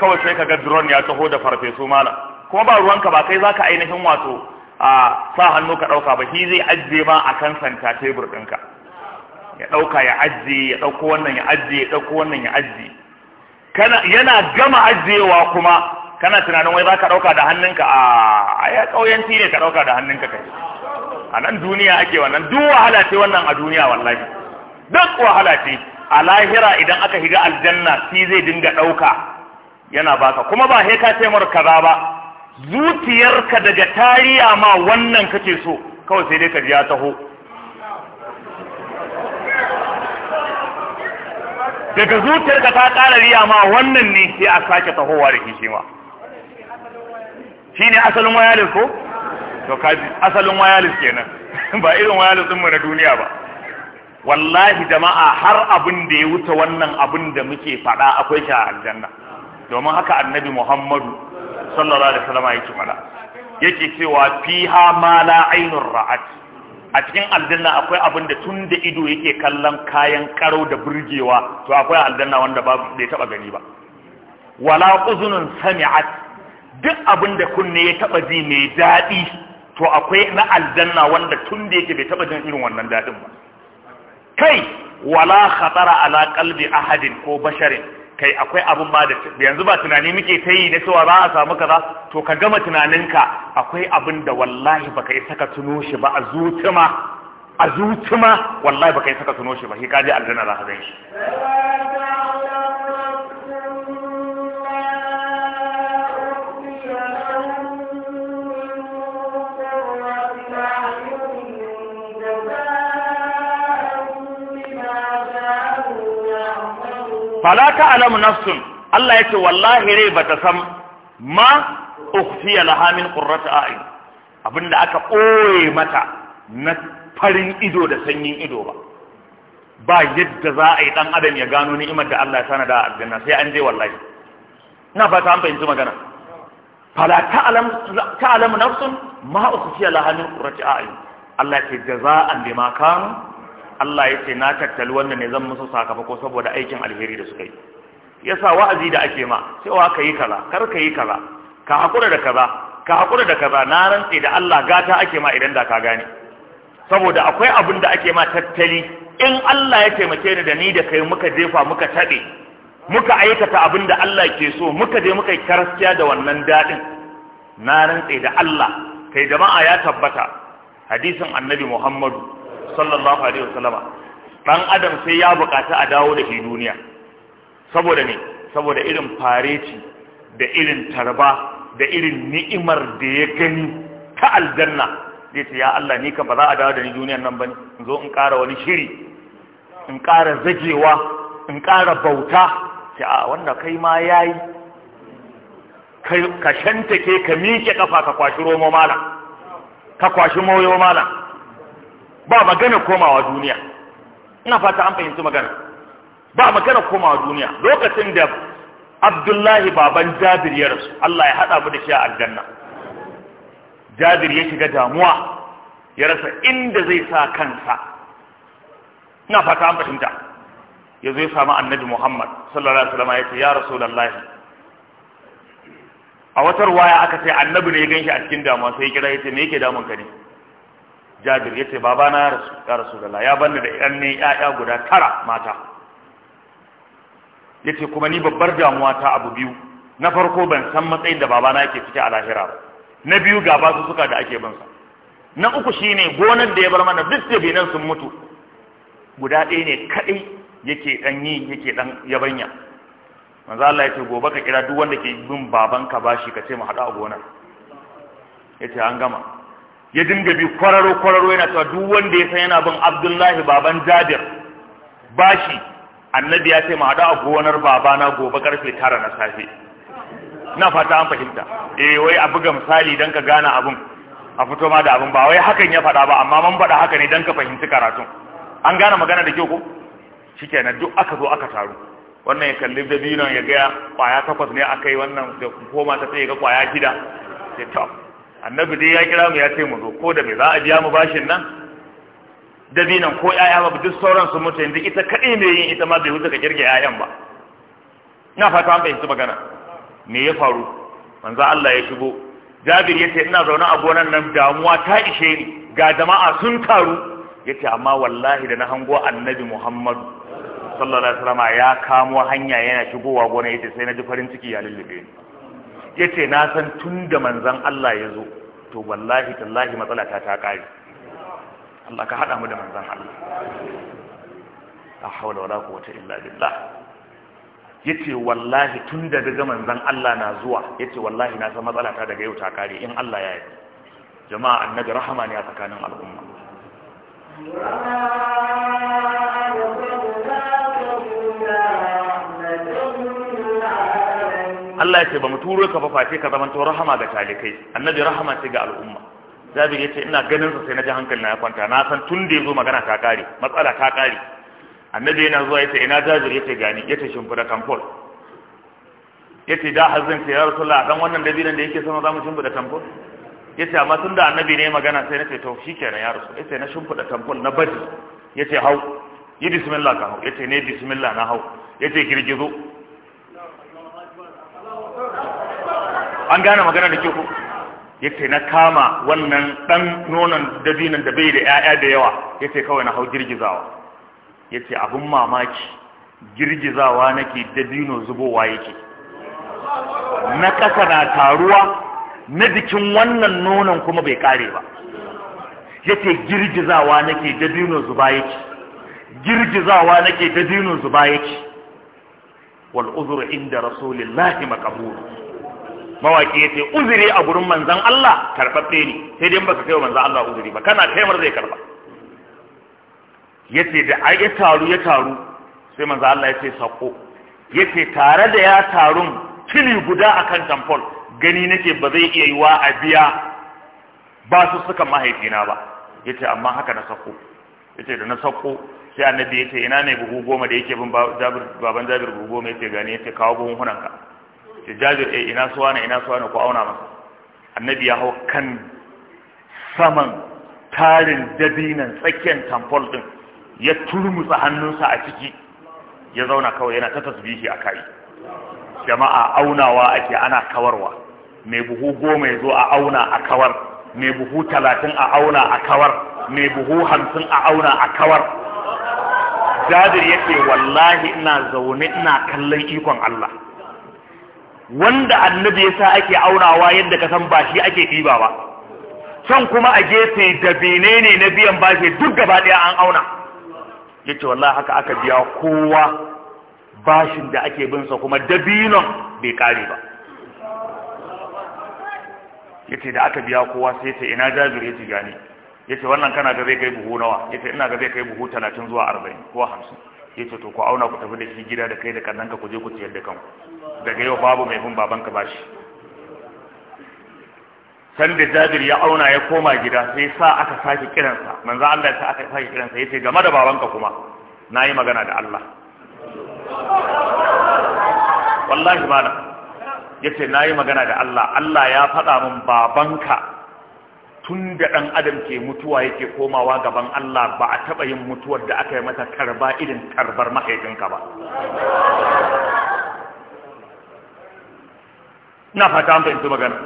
kawai sai ka ga drone ya taho da farfesu mala kuma ba ruwanka ba kai zaka ainihin wato a sa hannu ka ɗauka ba shi zai ajiye ma a kan santa tebur ɗinka ya dauka ya ajiye ya dauko wannan ya ajiye ya dauko wannan ya ajiye kana yana gama ajiyewa kuma kana tunanin wai za ka ɗauka da hannunka a ya ƙauyanci ne ka ɗauka da hannunka kai a nan duniya ake wannan duk wahala ce wannan a duniya wallahi duk wahala ce a lahira idan aka shiga aljanna shi zai dinga ɗauka yana baka kuma ba he ka ce mar kaza ba zuciyarka daga tariya ma wannan kake so kawai sai dai ka ya taho daga zuciyarka ta ƙara riya ma wannan ne sai a sake tahowa da kishima. ma shine asalin wireless ko to kaji asalin wireless kenan ba irin wireless din mu na duniya ba wallahi jama'a har abin da ya wuce wannan abin da muke faɗa akwai shi a aljanna domin haka annabi Muhammadu sallallahu alaihi wasallam yake fada yake cewa fiha ma la ainur ra'at a cikin aljanna akwai abin da tun da ido yake kallon kayan karo da burgewa to akwai aljanna wanda ba bai taba gani ba wala uzunun sami'at duk abin da kunne ya taba ji mai daɗi to akwai na aljanna wanda tun da yake bai taba jin irin wannan daɗin ba kai wala khatara ala qalbi ahadin ko basharin kai akwai abin ba da yanzu ba tunani muke ta yi na cewa za a samu kaza to ka gama tunaninka akwai abin da wallahi baka yi saka tuno shi ba a zuciya a zuciya wallahi baka yi saka tuno shi ba sai ka je aljanna za ka gani shi fala ta'lamu nafsun Allah ya ce wallahi rai bata san ma ukhfiya laha min qurrati a'yun abinda aka koye mata na farin ido da sanyin ido ba ba yadda za a yi dan adam ya gano ni'imar da Allah ya sanada a aljanna sai an je wallahi ina fata an fahimci magana fala ta'lam ta'lam nafsun ma ukhfiya laha min qurrati a'yun Allah ya ce jaza'an bima kanu Allah ya ce na tattali wannan ne zan musu sakamako saboda aikin alheri da suka yi yasa wa'azi da ake ma cewa ka yi kaza kar ka yi kaza ka hakura da kaza ka hakura da kaza na rantse da Allah gata ake ma idan da ka gane saboda akwai abin da ake ma tattali in Allah ya taimake ni da ni da kai muka jefa muka taɓe muka aikata abin da Allah ke so muka je muka yi karaskiya da wannan daɗin na rantse da Allah kai jama'a ya tabbata hadisin annabi Muhammadu sallallahu alaihi wasallama dan adam sai ya bukata a dawo da shi duniya saboda ne saboda irin fareci da irin tarba da irin ni'imar da ya gani ta aljanna zai ce ya Allah ni ka ba za a dawo da ni duniyan nan bane in zo in ƙara wani shiri in ƙara zagewa in ƙara bauta ce a wanda kai ma yayi ka shantake ka miƙe kafa ka kwashi romo mala ka kwashi moyo mala ba magana komawa duniya ina fata an fahimci magana ba magana komawa duniya lokacin da abdullahi baban jabir ya rasu Allah ya haɗa mu da shi a aljanna jabir ya shiga damuwa ya rasa inda zai sa kansa ina fata an fahimta ya zo ya samu annabi muhammad sallallahu alaihi wasallam ya ce ya rasulullahi a wata ruwaya aka ce annabi ne ya ganshi a cikin damuwa sai ya kira ya ce me yake damun ka ne jabir ya ce babana ya rasu ya rasu da ya da yan ne ya'ya guda tara mata ya ce kuma ni babbar damuwa ta abu biyu na farko ban san matsayin da babana yake fita a lahira ba na biyu ga basu suka da ake bansa na uku shine gonar da ya bar mana duk da binan sun mutu guda ɗaya ne kaɗai yake ɗan yi yake ɗan yabanya manzo Allah ya ce gobe ka kira duk wanda ke bin babanka bashi ka ce mu haɗu a gonar ya ce an gama ya dinga bi kwararo kwararo yana cewa duk wanda ya san yana bin Abdullahi baban Jabir bashi annabi ya ce mu hada a gonar babana gobe karfe tara na safe na fata an fahimta eh wai a buga misali dan ka gane abun a fito ma da abin ba wai hakan ya fada ba amma mun faɗa haka ne dan ka fahimci karatun an gane magana da kyau ko shikenan duk aka zo aka taru wannan ya kalli dabinon ya ga kwaya takwas ne akai wannan da koma ta sai ya ga kwaya gida ya annabi dai ya kira mu ya ce mu zo ko da me za a biya mu bashin nan dabinan ko yaya ba duk sauran su mutu yanzu ita kaɗai ne yin ita ma bai wuce ka kirge yayan ba ina fata an fahimci magana me ya faru manzo Allah ya shigo Jabir yace ina zaune a gonan nan damuwa ta ishe ni ga jama'a sun taru yace amma wallahi da na hango annabi Muhammadu sallallahu alaihi wasallam ya kamo hanya yana shigowa gonan yace sai na ji farin ciki ya lullube ni ya ce na san tun da manzan Allah ya zo to wallahi tallahi matsala ta ta kare, Allah ka haɗa mu da manzan Allah a haula wala quwwata illa billah yace wallahi tun da daga manzan Allah na zuwa yace wallahi na san matsala ta daga yau ta kare, in Allah ya yi jama'a annabi rahama ne a tsakanin al'umma Thank you. Allah ya ce ba mu turo ka ba face ka zamanto rahama ga talikai annabi rahama ce ga al'umma jabir ya ce ina ganin sa sai na ji hankali na ya kwanta na san tun da yazo magana ta kare matsala ta kare annabi yana zuwa ya ce ina jabir ya ce gani ya ce shimfida tamfol ya ce da hazin ce ya rasulullah dan wannan dabinan da yake sama zamu shimfida tamfol ya ce amma tun da annabi ne magana sai na ce to shikenan ya rasu ya ce na shimfida tamfol na baji ya ce hau yi bismillah ka hau ya ce ne bismillah na hau ya ce girgizo an gane magana da ke ku yace na kama wannan dan nonon dabinan da bai da 'ya'ya da yawa yace kawai na hau girgizawa ce abun mamaki girgizawa nake dabino zubowa yake na kasa na taruwa na jikin wannan nonon kuma bai kare ba ce girgizawa nake dabino zuba yake girgizawa nake dabino zuba yake wal uzru inda rasulillahi maqbul mawaki yace uzuri a gurin manzan Allah karɓaɓɓe ne sai dai baka kai wa manzon Allah uzuri ba kana taimar zai karɓa yace da ai ya taru ya taru sai manzan Allah yace sako yace tare da ya tarun kili guda akan tamfol gani nake ba zai iya yiwa a biya ba su suka mahaifina ba yace amma haka na sako yace da na sako sai annabi yace ina ne buhu goma da yake bin baban jabir buhu goma yace gani yace kawo buhun hunanka ce jabir eh, ina suwa ne ina suwa ne ku auna masa annabi ya hau kan saman tarin dabinan tsakiyar tamfol din ya turmusa hannunsa a ciki ya zauna kawai yana ta tasbihi a kai jama'a aunawa ake ana kawarwa mai buhu goma ya zo a auna a kawar mai buhu talatin a auna a kawar mai buhu hamsin a auna a kawar jabir yake wallahi ina zaune ina kallon ikon Allah wanda annabi ya sa ake aunawa yadda ka san ba shi ake ɗiba ba can kuma a gefe da bene ne na biyan bashi duk gaba ɗaya an auna ya ce wallah haka aka biya kowa bashin da ake binsa kuma dabinon bai kare ba ya ce da aka biya kowa sai ce ina jazir ya ci gani ya ce wannan kana ga zai kai buhu nawa ya ce ina ga zai kai buhu talatin zuwa arba'in ko hamsin ya ce to ku auna ku tafi da shi gida da kai da kannanka ku je ku ciyar da kanku daga yau babu mai bin babanka bashi san da jabir ya auna ya koma gida sai sa aka sake kiransa manzo Allah ya sa aka sake kiransa yace game da babanka kuma nayi magana da Allah wallahi malam yace nayi magana da Allah Allah ya faɗa min babanka tun da ɗan adam ke mutuwa yake komawa gaban Allah ba a taɓa yin mutuwar da aka yi mata karba irin karbar mahaifinka ba ina fata an fahimci magana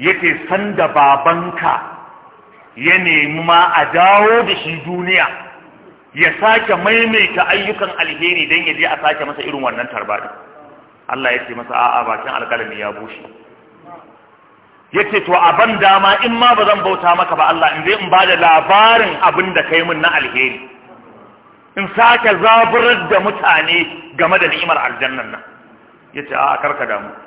ce sanda babanka ya nemi ma a dawo da shi duniya ya sake maimaita ayyukan alheri don ya je a sake masa irin wannan tarbaɗin Allah ya ce masa a'a bakin alƙalami ya bushe ya ce to a ban dama in ma ba zan bauta maka ba Allah in zai in ba da labarin abin da kai mun na alheri in sake zaburar da mutane game da ni'imar aljannan nan ya ce a'a karka damu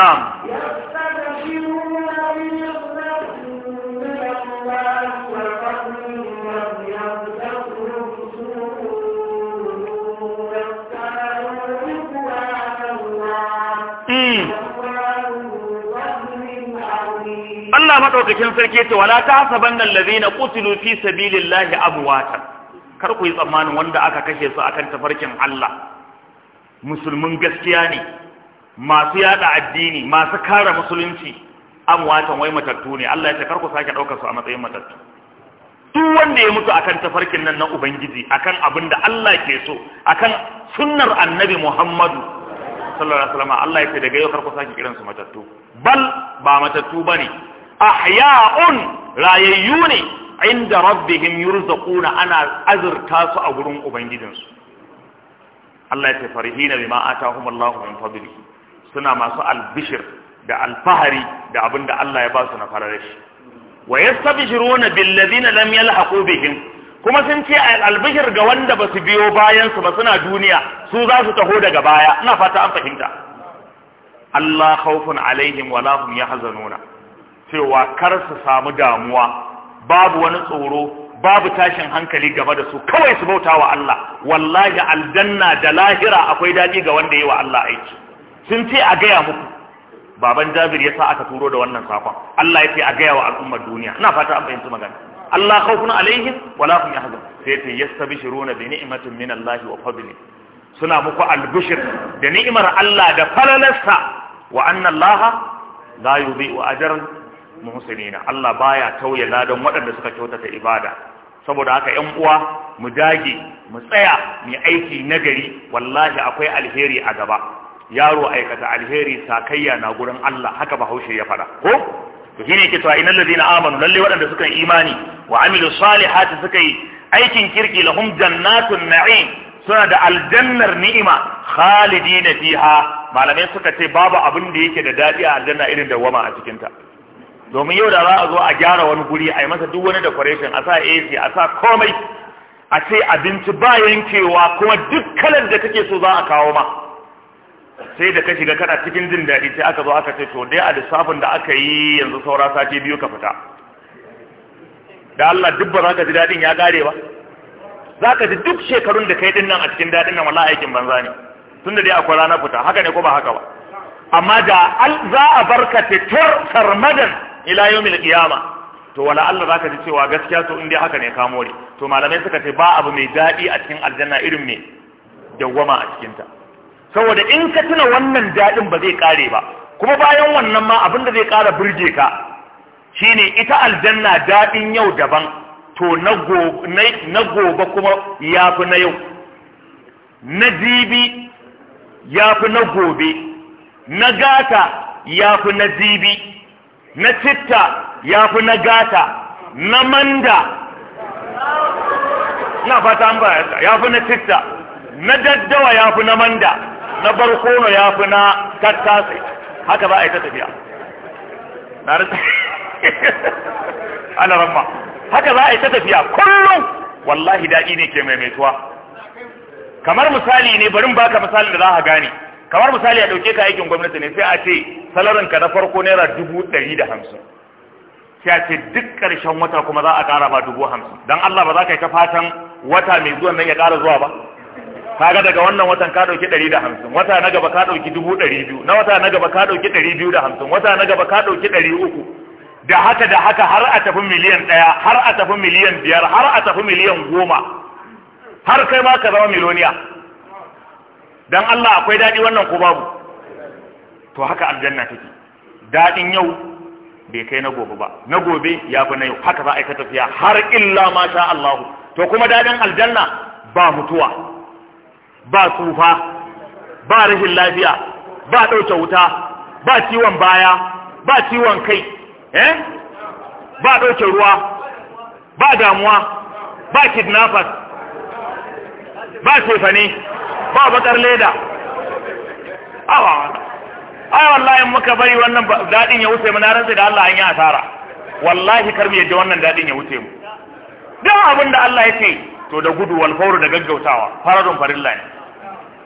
نعم يستبشرون hmm. Allah maɗaukakin sarki ce wala ta saban nan na qutilu fi sabilillahi abwatan kar ku yi tsammanin wanda aka kashe su akan tafarkin Allah musulmin gaskiya ne masu yada addini masu kare musulunci watan wai matattu ne Allah ya ce sake daukar su a matsayin matattu duk wanda ya mutu akan tafarkin nan na ubangiji akan abin da Allah ke so akan sunnar annabi Muhammadu sallallahu alaihi wasallam Allah ya ce daga yau karku sake kiransu matattu bal ba matattu bane ahya'un rayayyu ne inda rabbihim yurzaquna ana azurta su a gurin ubangijinsu Allah ya ce farihina bima atahum Allahu min fadlihi suna masu albishir da alfahari da abin da Allah ya ba su na farar shi wa yastabshiruna bil ladina lam yalhaqu bihim kuma sun ce albishir ga wanda ba su biyo bayan su ba suna duniya su za su taho daga baya ina fata an fahimta Allah khawfun alaihim wala hum yahzanuna cewa kar su samu damuwa babu wani tsoro babu tashin hankali game da su kawai su bauta wa Allah wallahi aljanna da lahira akwai daɗi ga wanda yi wa Allah aiki sun ce a gaya muku baban jabir ya sa aka turo da wannan sakon Allah ya ce a gaya wa al'ummar duniya ina fata an fahimci magana Allah khawfun alaihim wala hum yahzan sai ta yastabshiruna bi ni'matin min Allah wa fadli suna muku albishir da ni'imar Allah da falalarsa wa anna Allah la yudhi'u ajran muhsinina Allah baya tauye ladan waɗanda suka kyautata ibada saboda haka ‘yan uwa mu dage mu tsaya mu aiki nagari wallahi akwai alheri a gaba yaro aikata alheri sakayya na gurin Allah haka bahaushe ya fada ko to shine yake a innal ladina amanu lalle waɗanda suka imani wa amilu salihati suka yi aikin kirki lahum jannatun na'im suna da aljannar ni'ima khalidina fiha malamai suka ce babu abin da yake da dadi a aljanna irin dawama a cikin ta domin yau da za a zo a gyara wani guri a yi masa duk wani decoration a sa AC a sa komai a ce abinci ba yankewa kuma duk kalar da kake so za a kawo ma sai da ka shiga kana cikin jin daɗi sai aka zo aka ce to dai a lissafin da aka yi yanzu saura sati biyu ka fita da Allah duk ba za ka ji daɗin ya gare ba za ka ji duk shekarun da kai din nan a cikin daɗin nan wallahi aikin banza ne tunda dai akwai rana fita haka ne ko ba haka ba amma da za a barka titur sarmadan ila yawmil to wala Allah ka ji cewa gaskiya to in dai haka ne ka to malamai suka ce ba abu mai daɗi a cikin aljanna irin me dawwama a cikin ta saboda in ka tuna wannan daɗin ba zai ƙare ba kuma bayan wannan ma abin da zai ƙara burge ka shine ita aljanna daɗin yau daban to na gobe kuma ya fi na yau na zibi ya fi na gobe na gata ya fi na zibi, na citta ya fi na gata na manda na fata an ba ya fi na citta na daddawa ya fi na manda na barkono ya fi na kattasai haka ba a yi ta tafiya na ana ramma haka za a yi ta tafiya kullum wallahi daɗi ne ke maimaituwa kamar misali ne barin baka misali da za a gane kamar misali a ɗauke ka aikin gwamnati ne sai a ce salarin ka na farko naira dubu ɗari da hamsin sai a ce duk ƙarshen wata kuma za a ƙara ba dubu hamsin don Allah ba za ka yi ta fatan wata mai zuwan nan ya ƙara zuwa ba kaga daga wannan watan ka dauki 150 wata na gaba ka dauki 200 na wata na gaba ka dauki 250 wata na gaba ka dauki 300 da haka da haka har a tafi miliyan 1 har a tafi miliyan 5 har a tafi miliyan 10 har kai ma ka zama miloniya dan Allah akwai dadi wannan ko babu to haka aljanna take dadin yau bai kai na gobe ba na gobe ya fi na yau haka za a yi tafiya har illa ma sha Allah to kuma dadin aljanna ba mutuwa ba tsufa ba rashin lafiya ba ɗauke wuta ba ciwon baya ba ciwon kai eh ba ɗauke ruwa ba damuwa ba kidnappers ba tefane ba bakar leda awa ai wallahi muka bari wannan dadin ya wuce mu na rantsa da Allah an yi asara wallahi kar mu yadda wannan dadin ya wuce mu dan abinda Allah yake to da gudu wal fawru da gaggautawa faradun farin ne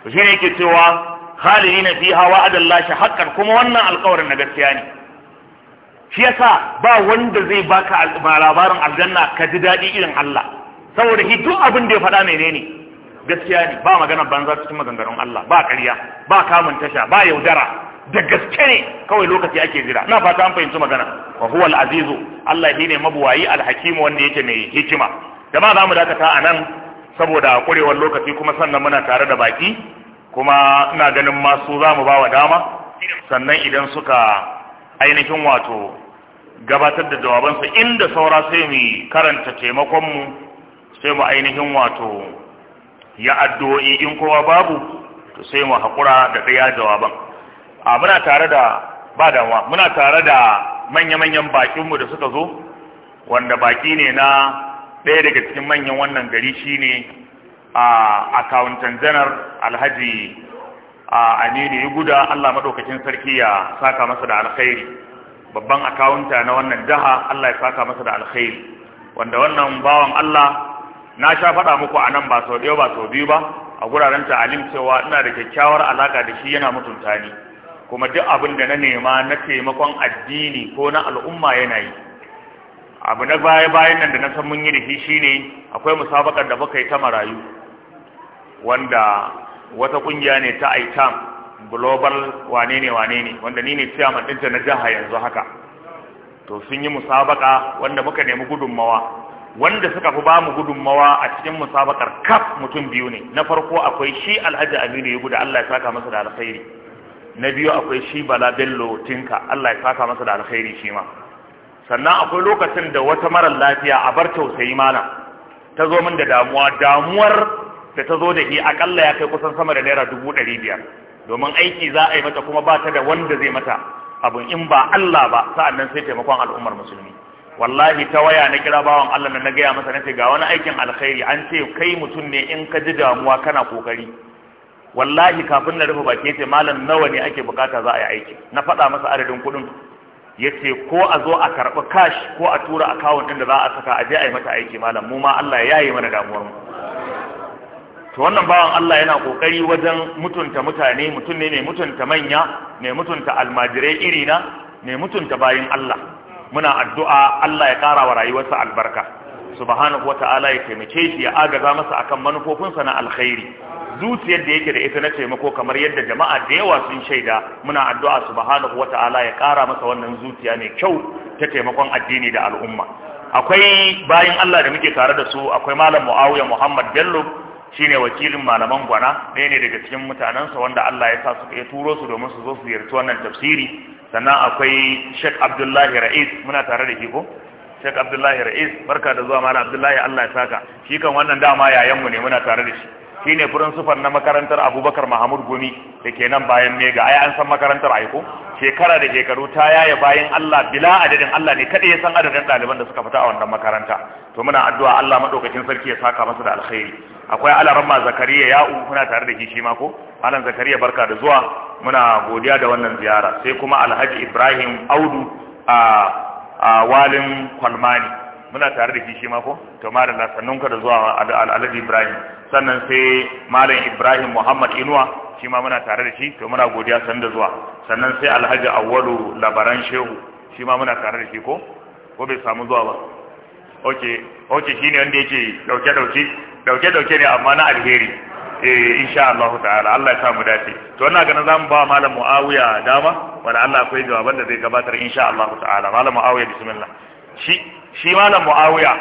to shine yake cewa khalidina fiha wa'adallahi haƙar kuma wannan alƙawarin na gaskiya ne shi yasa ba wanda zai baka labarin aljanna ka ji daɗi irin Allah saboda shi duk abin da ya faɗa menene gaskiya ne ba magana banza cikin maganganun Allah ba ƙarya ba kamun tasha ba yaudara da gaske ne kawai lokaci ake jira na fata an fahimci magana wa huwa al-azizu Allah shine mabuwayi al-hakim wanda yake mai hikima jama'a zamu dakata anan saboda a kurewar lokaci kuma sannan muna tare da baki kuma ina ganin masu za mu ba wa dama sannan idan suka ainihin wato gabatar da jawabansu inda saura sai mu karanta taimakonmu sai mu ainihin wato ya addu'o'i in kowa babu to sai mu haƙura da ɗaya jawaban a muna tare da ba damuwa muna tare da manya-manyan bakinmu da suka zo wanda baki ne na ɗaya daga cikin manyan wannan gari shine a accountant general alhaji aminu ya guda allah maɗaukacin sarki ya saka masa da alkhairi babban akawunta na wannan jiha allah ya saka masa da alkhairi wanda wannan bawan allah na sha faɗa muku a nan ba sau ɗaya ba sau biyu ba a guraren ta'alim cewa ina da kyakkyawar alaka da shi yana mutunta ni kuma duk abin da na nema na taimakon addini ko na al'umma yana yi abu na baya-bayan nan da na san mun yi da shi shine akwai musabakar da muka yi ta marayu wanda wata kungiya ne ta itam global wane ne wane ne wanda ni ne chairman ɗinta na jiha yanzu haka to sun yi musabaka wanda muka nemi gudunmawa wanda suka fi bamu gudunmawa a cikin musabakar kaf mutum biyu ne na farko akwai shi alhaji aminu yugu da allah ya saka masa da alkhairi na biyu akwai shi bala bello tinka allah ya saka masa da alkhairi shi ma sannan akwai lokacin da wata marar lafiya a bar tausayi mana ta zo min da damuwa damuwar da ta zo da ke, akalla ya kai kusan sama da naira dubu ɗari biyar domin aiki za a yi mata kuma ba ta da wanda zai mata abin in ba Allah ba nan sai taimakon al'ummar musulmi wallahi ta waya na kira bawan Allah na gaya masa ce, ga wani aikin alkhairi an ce kai mutum ne in ka ji damuwa kana kokari wallahi kafin na rufe baki ce malam nawa ne ake bukata za a yi aiki na faɗa masa adadin kuɗin ya ko a zo a karɓi kash ko a tura akawun ɗin da za a saka a je a yi mata aiki malam mu ma Allah ya yi mana damuwar mu to wannan bawan Allah yana kokari wajen mutunta mutane mutum ne mai mutunta manya mai mutunta almajirai irina mai mutunta bayin Allah muna addu'a Allah ya ƙara wa rayuwarsa albarka subhanahu wata'ala ya taimake shi ya agaza masa akan manufofinsa na alkhairi zuciyar da yake da ita na taimako kamar yadda jama'a da yawa sun shaida muna addu'a subhanahu wata'ala ya ƙara masa wannan zuciya mai kyau ta taimakon addini da al'umma akwai bayan Allah da muke tare da su akwai malam Muawiya Muhammad Bello shine wakilin malaman gwana ɗaya ne daga cikin mutanensa wanda Allah ya sa su ya turo su domin su zo su ziyarci wannan tafsiri sannan akwai Sheikh Abdullahi Ra'is muna tare da shi ko Sheikh Abdullahi Rais barka da zuwa mallam Abdullahi Allah ya saka shi kan wannan dama yayan mu ne muna tare da shi shine principal na makarantar Abubakar Mahmud Gumi da ke nan bayan Mega ai an san makarantar aiko shekara da shekaru ta yaya bayan Allah bila adadin Allah ne kada ya san adadin ɗaliban da suka fita a wannan makaranta to muna addu'a Allah madaukakin sarki ya saka masa da alkhairi akwai Alarama Zakariya ya ya'u muna tare da shi ma ko Alan Zakariya barka da zuwa muna godiya da wannan ziyara sai kuma Alhaji Ibrahim Audu a a walin kwalmani muna tare da shi shi ma ko to madalla ka da zuwa al'adun ibrahim sannan sai malam ibrahim muhammad inuwa shi ma muna tare da shi to muna godiya san da zuwa sannan sai alhaji awwalu labaran shehu shi ma muna tare da shi ko ko bai samu zuwa ba oke oke shine wanda yake dauke dauke dauke dauke ne amma na alheri eh insha Allah ta'ala Allah ya samu dace to ina ganin zamu ba malam Muawiya dama wala Allah akwai jawaban da zai gabatar insha Allah ta'ala malam Muawiya bismillah shi shi malam Muawiya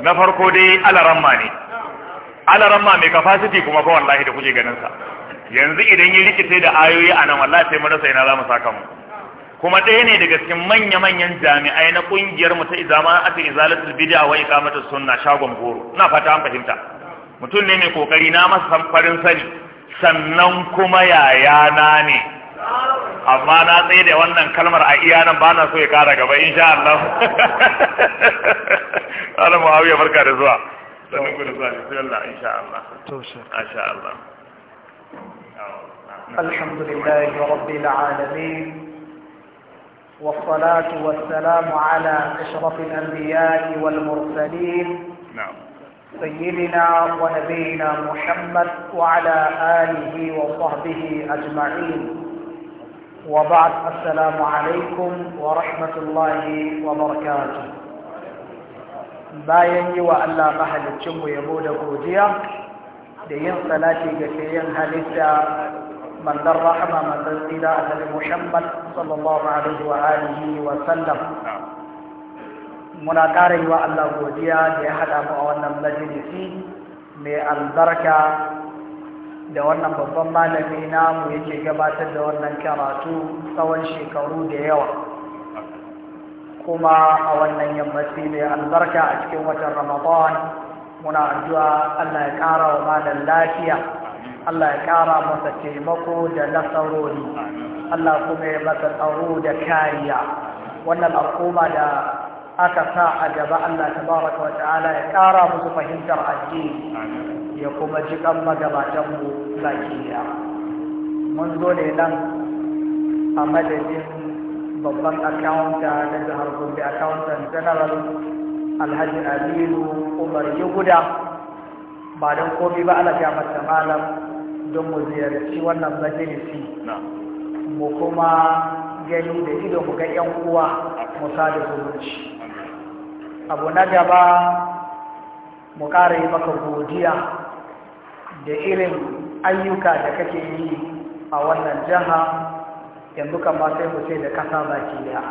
na farko dai alaramma ne alaramma mai capacity kuma ko wallahi da kuke ganin sa yanzu idan ya rikice da ayoyi anan wallahi sai mun rasa ina zamu saka mu kuma ɗaya ne daga cikin manya-manyan jami'ai na ƙungiyar mu ta izama a cikin izalatul bid'a wa iqamatus sunna shagon goro ina fata an fahimta mutum ne mai kokari na masa samfarin sani sannan kuma yaya na ne amma na tsaye da wannan kalmar a iya nan ba na so ya kara gaba insha Allah ana muawiya barka da zuwa sannan ku da zuwa bismillah insha Allah to shi insha Allah alhamdulillah rabbil alamin والصلاة والسلام على أشرف الأنبياء والمرسلين نعم سيدنا ونبينا محمد وعلى آله وصحبه أجمعين وبعد السلام عليكم ورحمة الله وبركاته bayan yi wa Allah mahalicinmu yabo da godiya da yin salati ga yin halitta mandan rahama mandan tsira a Muhammad sallallahu alaihi wa alihi wa sallam muna ƙara yi wa Allah godiya da ya haɗa mu a wannan majalisi mai albarka da wannan babban malami namu yake gabatar da wannan karatu tsawon shekaru da yawa kuma a wannan yammaci mai albarka a cikin watan ramadan muna addu'a Allah ya ƙara wa malam lafiya Allah ya ƙara masa taimako da nasarori Allah kuma ya masa tsaro da kariya wannan al'umma da aka sa a gaba Allah Ta baraka wa ta'ala ya ƙara musu fahimtar addini ya kuma ji kan magabatanmu mu baki ya mun zo ne nan a madadin babban akawunta na jihar Gombe akawuntan general Alhaji Aminu Umar Yahuda ba don komi ba ala ya da malam don mu ziyarci wannan majalisi mu kuma gani da ido mu ga 'yan uwa mu da zumunci abu na gaba mu ƙara yi maka godiya da irin ayyuka da kake yi a wannan jiha yanzu kama sai mu ce da ƙasa baki daya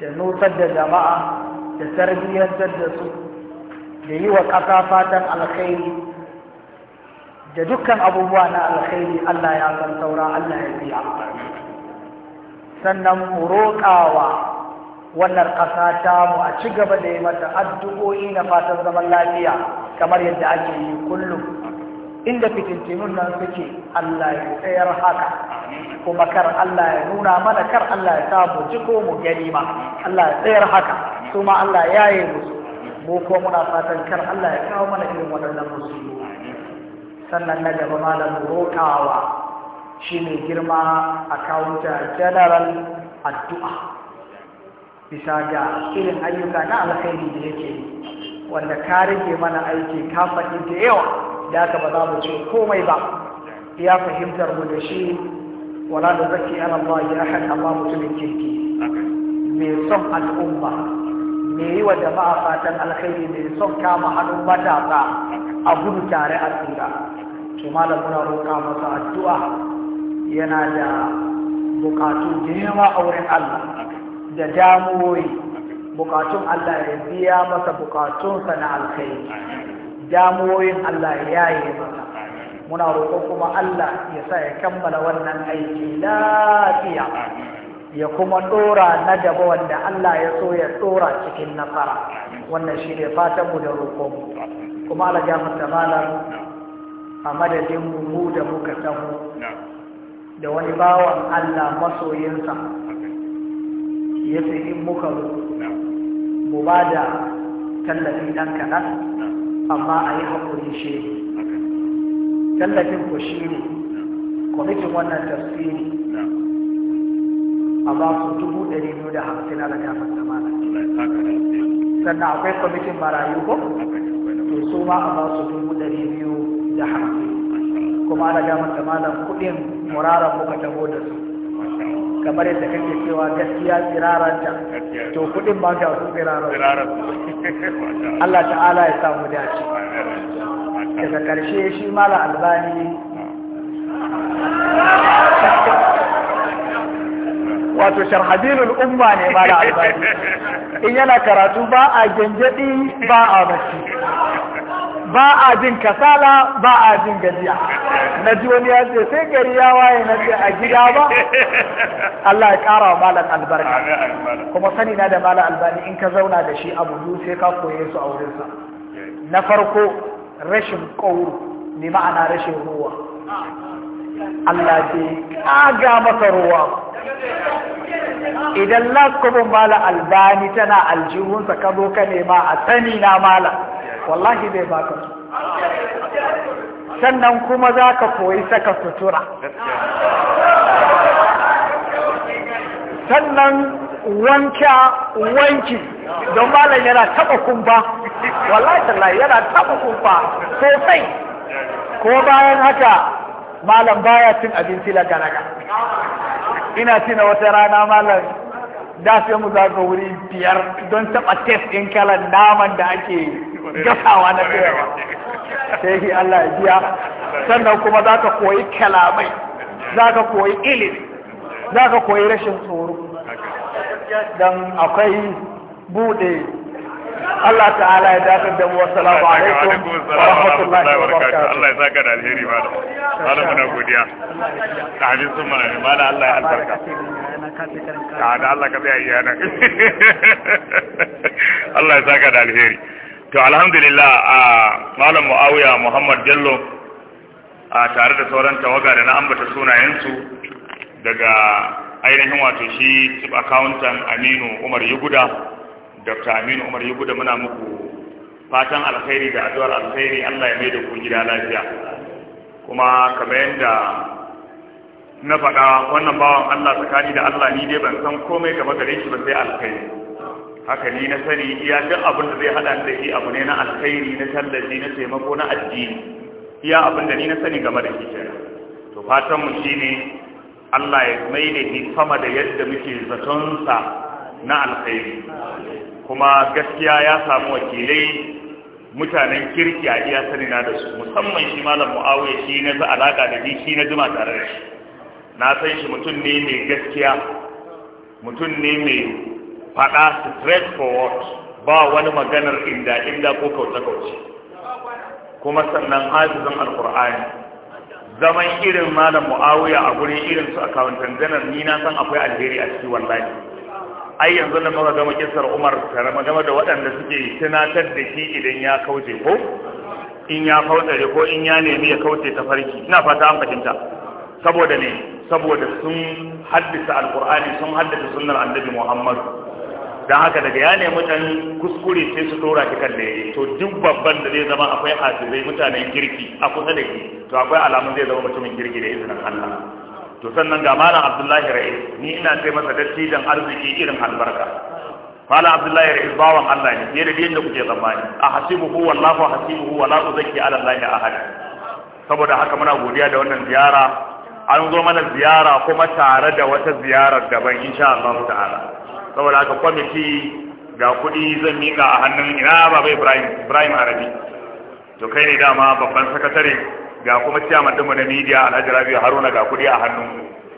da nutsar da jama'a da tarbiyyar da su da yi wa ƙasa fatan alkhairi da dukkan abubuwa na alkhairi Allah ya san saura Allah ya biya sannan mu roƙawa wannan ƙasa tamu a ci gaba da yi mata addu'o'i na fatan zaman lafiya kamar yadda ake yi kullum inda fitintinun nan suke Allah ya tsayar haka kuma kar Allah ya nuna mana kar Allah ya ji ko mu gani ma Allah ya tsayar haka su ma Allah ya yi musu mu ko muna fatan kar Allah ya kawo mana irin waɗannan musu. sannan na gaba malam rokawa shi ne girma a kawunta general addu'a bisa ga irin ayyuka na alkhairi da yake yi wanda ka rage mana aiki ka faɗi da yawa da haka ba za mu ce komai ba ya fahimtar mu da shi wala da zaki ala Allah ya ahad Allah mutumin kirki mai son al'umma Me yi wa jama'a fatan alkhairi mai son kama hannun matasa a gudu tare a tsira to malam muna roƙa masa addu'a yana da bukatu da yawa a wurin Allah da damuwoyi bukatun Allah ya biya masa bukatunsa na alkhairi damuwoyin Allah ya yaye masa muna roƙo kuma Allah ya sa ya kammala wannan aiki lafiya ya kuma ɗora na gaba wanda Allah ya so ya ɗora cikin nasara wannan shi ne fatanmu da roƙonmu kuma Allah ya mata a madadin mu da muka taho da wani bawan Allah masoyinsa ya ce in muka mu ba da tallafi ɗan kaɗan amma a yi haƙuri shi tallafin ku shi ne kwamitin wannan tafsiri a ba su dubu ɗari biyu da hamsin ala gafar da mana sannan akwai kwamitin marayu ko to su ma a ba su dubu ɗari biyu da hamsin kuma ala gafar da malam kuɗin muraran muka taho da su kamar yadda kake cewa gaskiya tsiraranta to kudin ba ga wasu tsiraranta Allah ta'ala ya samu dace daga karshe shi mala albani wato sharhadin umma ne mala albani in yana karatu ba a gengedi ba a bacci ba a jin kasala ba a jin gajiya na ji wani ya ce sai gari ya waye na ce a gida ba Allah ya kara wa malam albarka kuma sani na da malam albani in ka zauna da shi abu biyu sai ka koye su a wurinsa na farko rashin kauro ne ma'ana rashin ruwa Allah bai kaga masa ruwa idan lakabin malam albani tana aljihunsa ka zo ka nema a sani na malam wallahi bai baka su sannan kuma za ka koyi saka sutura sannan wanka wanki don malam yana taba kumfa wallahi tallahi yana taba kumfa sosai ko bayan haka malam baya cin abinci lagalaga ina cina wata rana malam da sai mu ga wuri biyar don taɓa test ɗin kalan naman da ake gasawa na sayarwa sai yi Allah ya biya sannan kuma za ka koyi kalamai za ka koyi ilimi za ka koyi rashin tsoro don akwai bude. Allah ta'ala ya dakar da mu salamu alaikum wa rahmatullahi wa barakatuh Allah ya saka da alheri da malam muna godiya da amin sun mana ne malam Allah ya albarka ta da Allah ka tsaya iyana Allah ya saka da alheri to alhamdulillah a malam Muawiya Muhammad Jallo a tare da sauran tawaga da na ambata sunayensu daga ainihin wato shi tip accountant Aminu Umar Yuguda dr aminu umar yi da muna muku fatan alkhairi da addu'ar alkhairi allah ya mai da ku gida lafiya kuma kamar yadda na faɗa wannan bawan allah tsakani da allah ni dai ban san komai game gare shi ba sai alkhairi haka ni na sani iya duk abin da zai haɗa da shi abu ne na alkhairi na tallafi na taimako na addini iya abin da ni na sani game da shi to fatan mu shine Allah ya mai da shi sama da yadda muke zaton sa na alkhairi kuma gaskiya ya samu wakilai mutanen kirki a iya sanina da su musamman shi malam mu'awiya shi na za alaka da ni shi na jima tare da shi na san shi mutum ne mai gaskiya mutum ne mai faɗa straight forward ba wani maganar inda inda ko kauce kauce kuma sannan hafizan alqur'ani zaman irin malam mu'awiya a gurin irin su akawuntan janar ni na san akwai alheri a cikin wallahi ai yanzu na muka gama kisar umar tare game da waɗanda suke tunatar da shi idan ya kauce ko in ya kautsare ko in ya nemi ya kauce ta farki ina fata an fahimta saboda ne saboda sun haddasa alkur'ani sun haddasa sunnar annabi muhammad don haka daga ya nemi dan kuskure sai su tora shi kan da to duk babban da zai zama akwai hasizai mutanen kirki a kusa da shi to akwai alamun zai zama mutumin kirki da izinin allah to sannan ga malam abdullahi ra'is ni ina sai masa dattijan arziki irin albarka malam abdullahi ra'is bawan Allah ne fiye da da kuke tsammani a hu wallahu hasibu hu wala uzakki ala allahi ahad saboda haka muna godiya da wannan ziyara an zo mana ziyara kuma tare da wata ziyarar daban insha Allah ta'ala saboda haka kwamiti ga kuɗi zan miƙa a hannun ina baba Ibrahim Ibrahim Arabi to kai ne dama babban sakatare ga kuma ciyaman ɗinmu na media alhaji rabi haruna ga kuɗi a hannun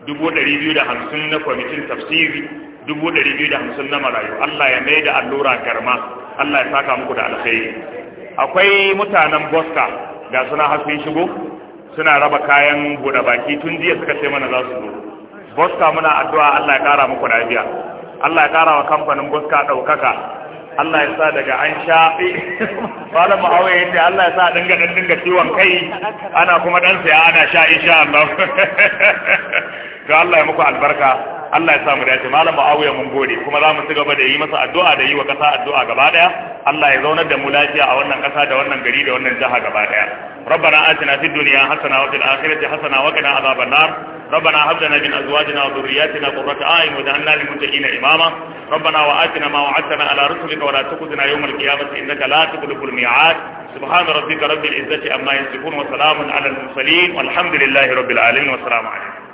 dubu ɗari biyu da hamsin na kwamitin tafsiri dubu ɗari biyu da hamsin na marayu allah ya mai da allura garma allah ya saka muku da alkhairi akwai mutanen boska ga suna hasin shigo suna raba kayan buɗe baki tun jiya suka ce mana za su zo boska muna addu'a allah ya ƙara muku lafiya allah ya ƙara wa kamfanin boska ɗaukaka Allah ya sa daga an shafi malam ma'awai ya Allah ya sa dinga dinga ciwon kai ana kuma dan saya ana sha insha Allah to Allah ya muku albarka Allah ya sa mu dace malam ma'awai mun gode kuma za mu cigaba da yi masa addu'a da yi wa kasa addu'a gaba daya Allah ya zaunar da mu lafiya a wannan kasa da wannan gari da wannan jaha gaba daya ربنا آتنا في الدنيا حسنة وفي الآخرة حسنة وقنا عذاب النار ربنا هب لنا من أزواجنا وذرياتنا قرة أعين وجعلنا للمتقين إماما ربنا وآتنا ما وعدتنا على رسلك ولا تخزنا يوم القيامة إنك لا تخلف الميعاد سبحان ربك رب العزة عما يصفون وسلام على المرسلين والحمد لله رب العالمين والسلام عليكم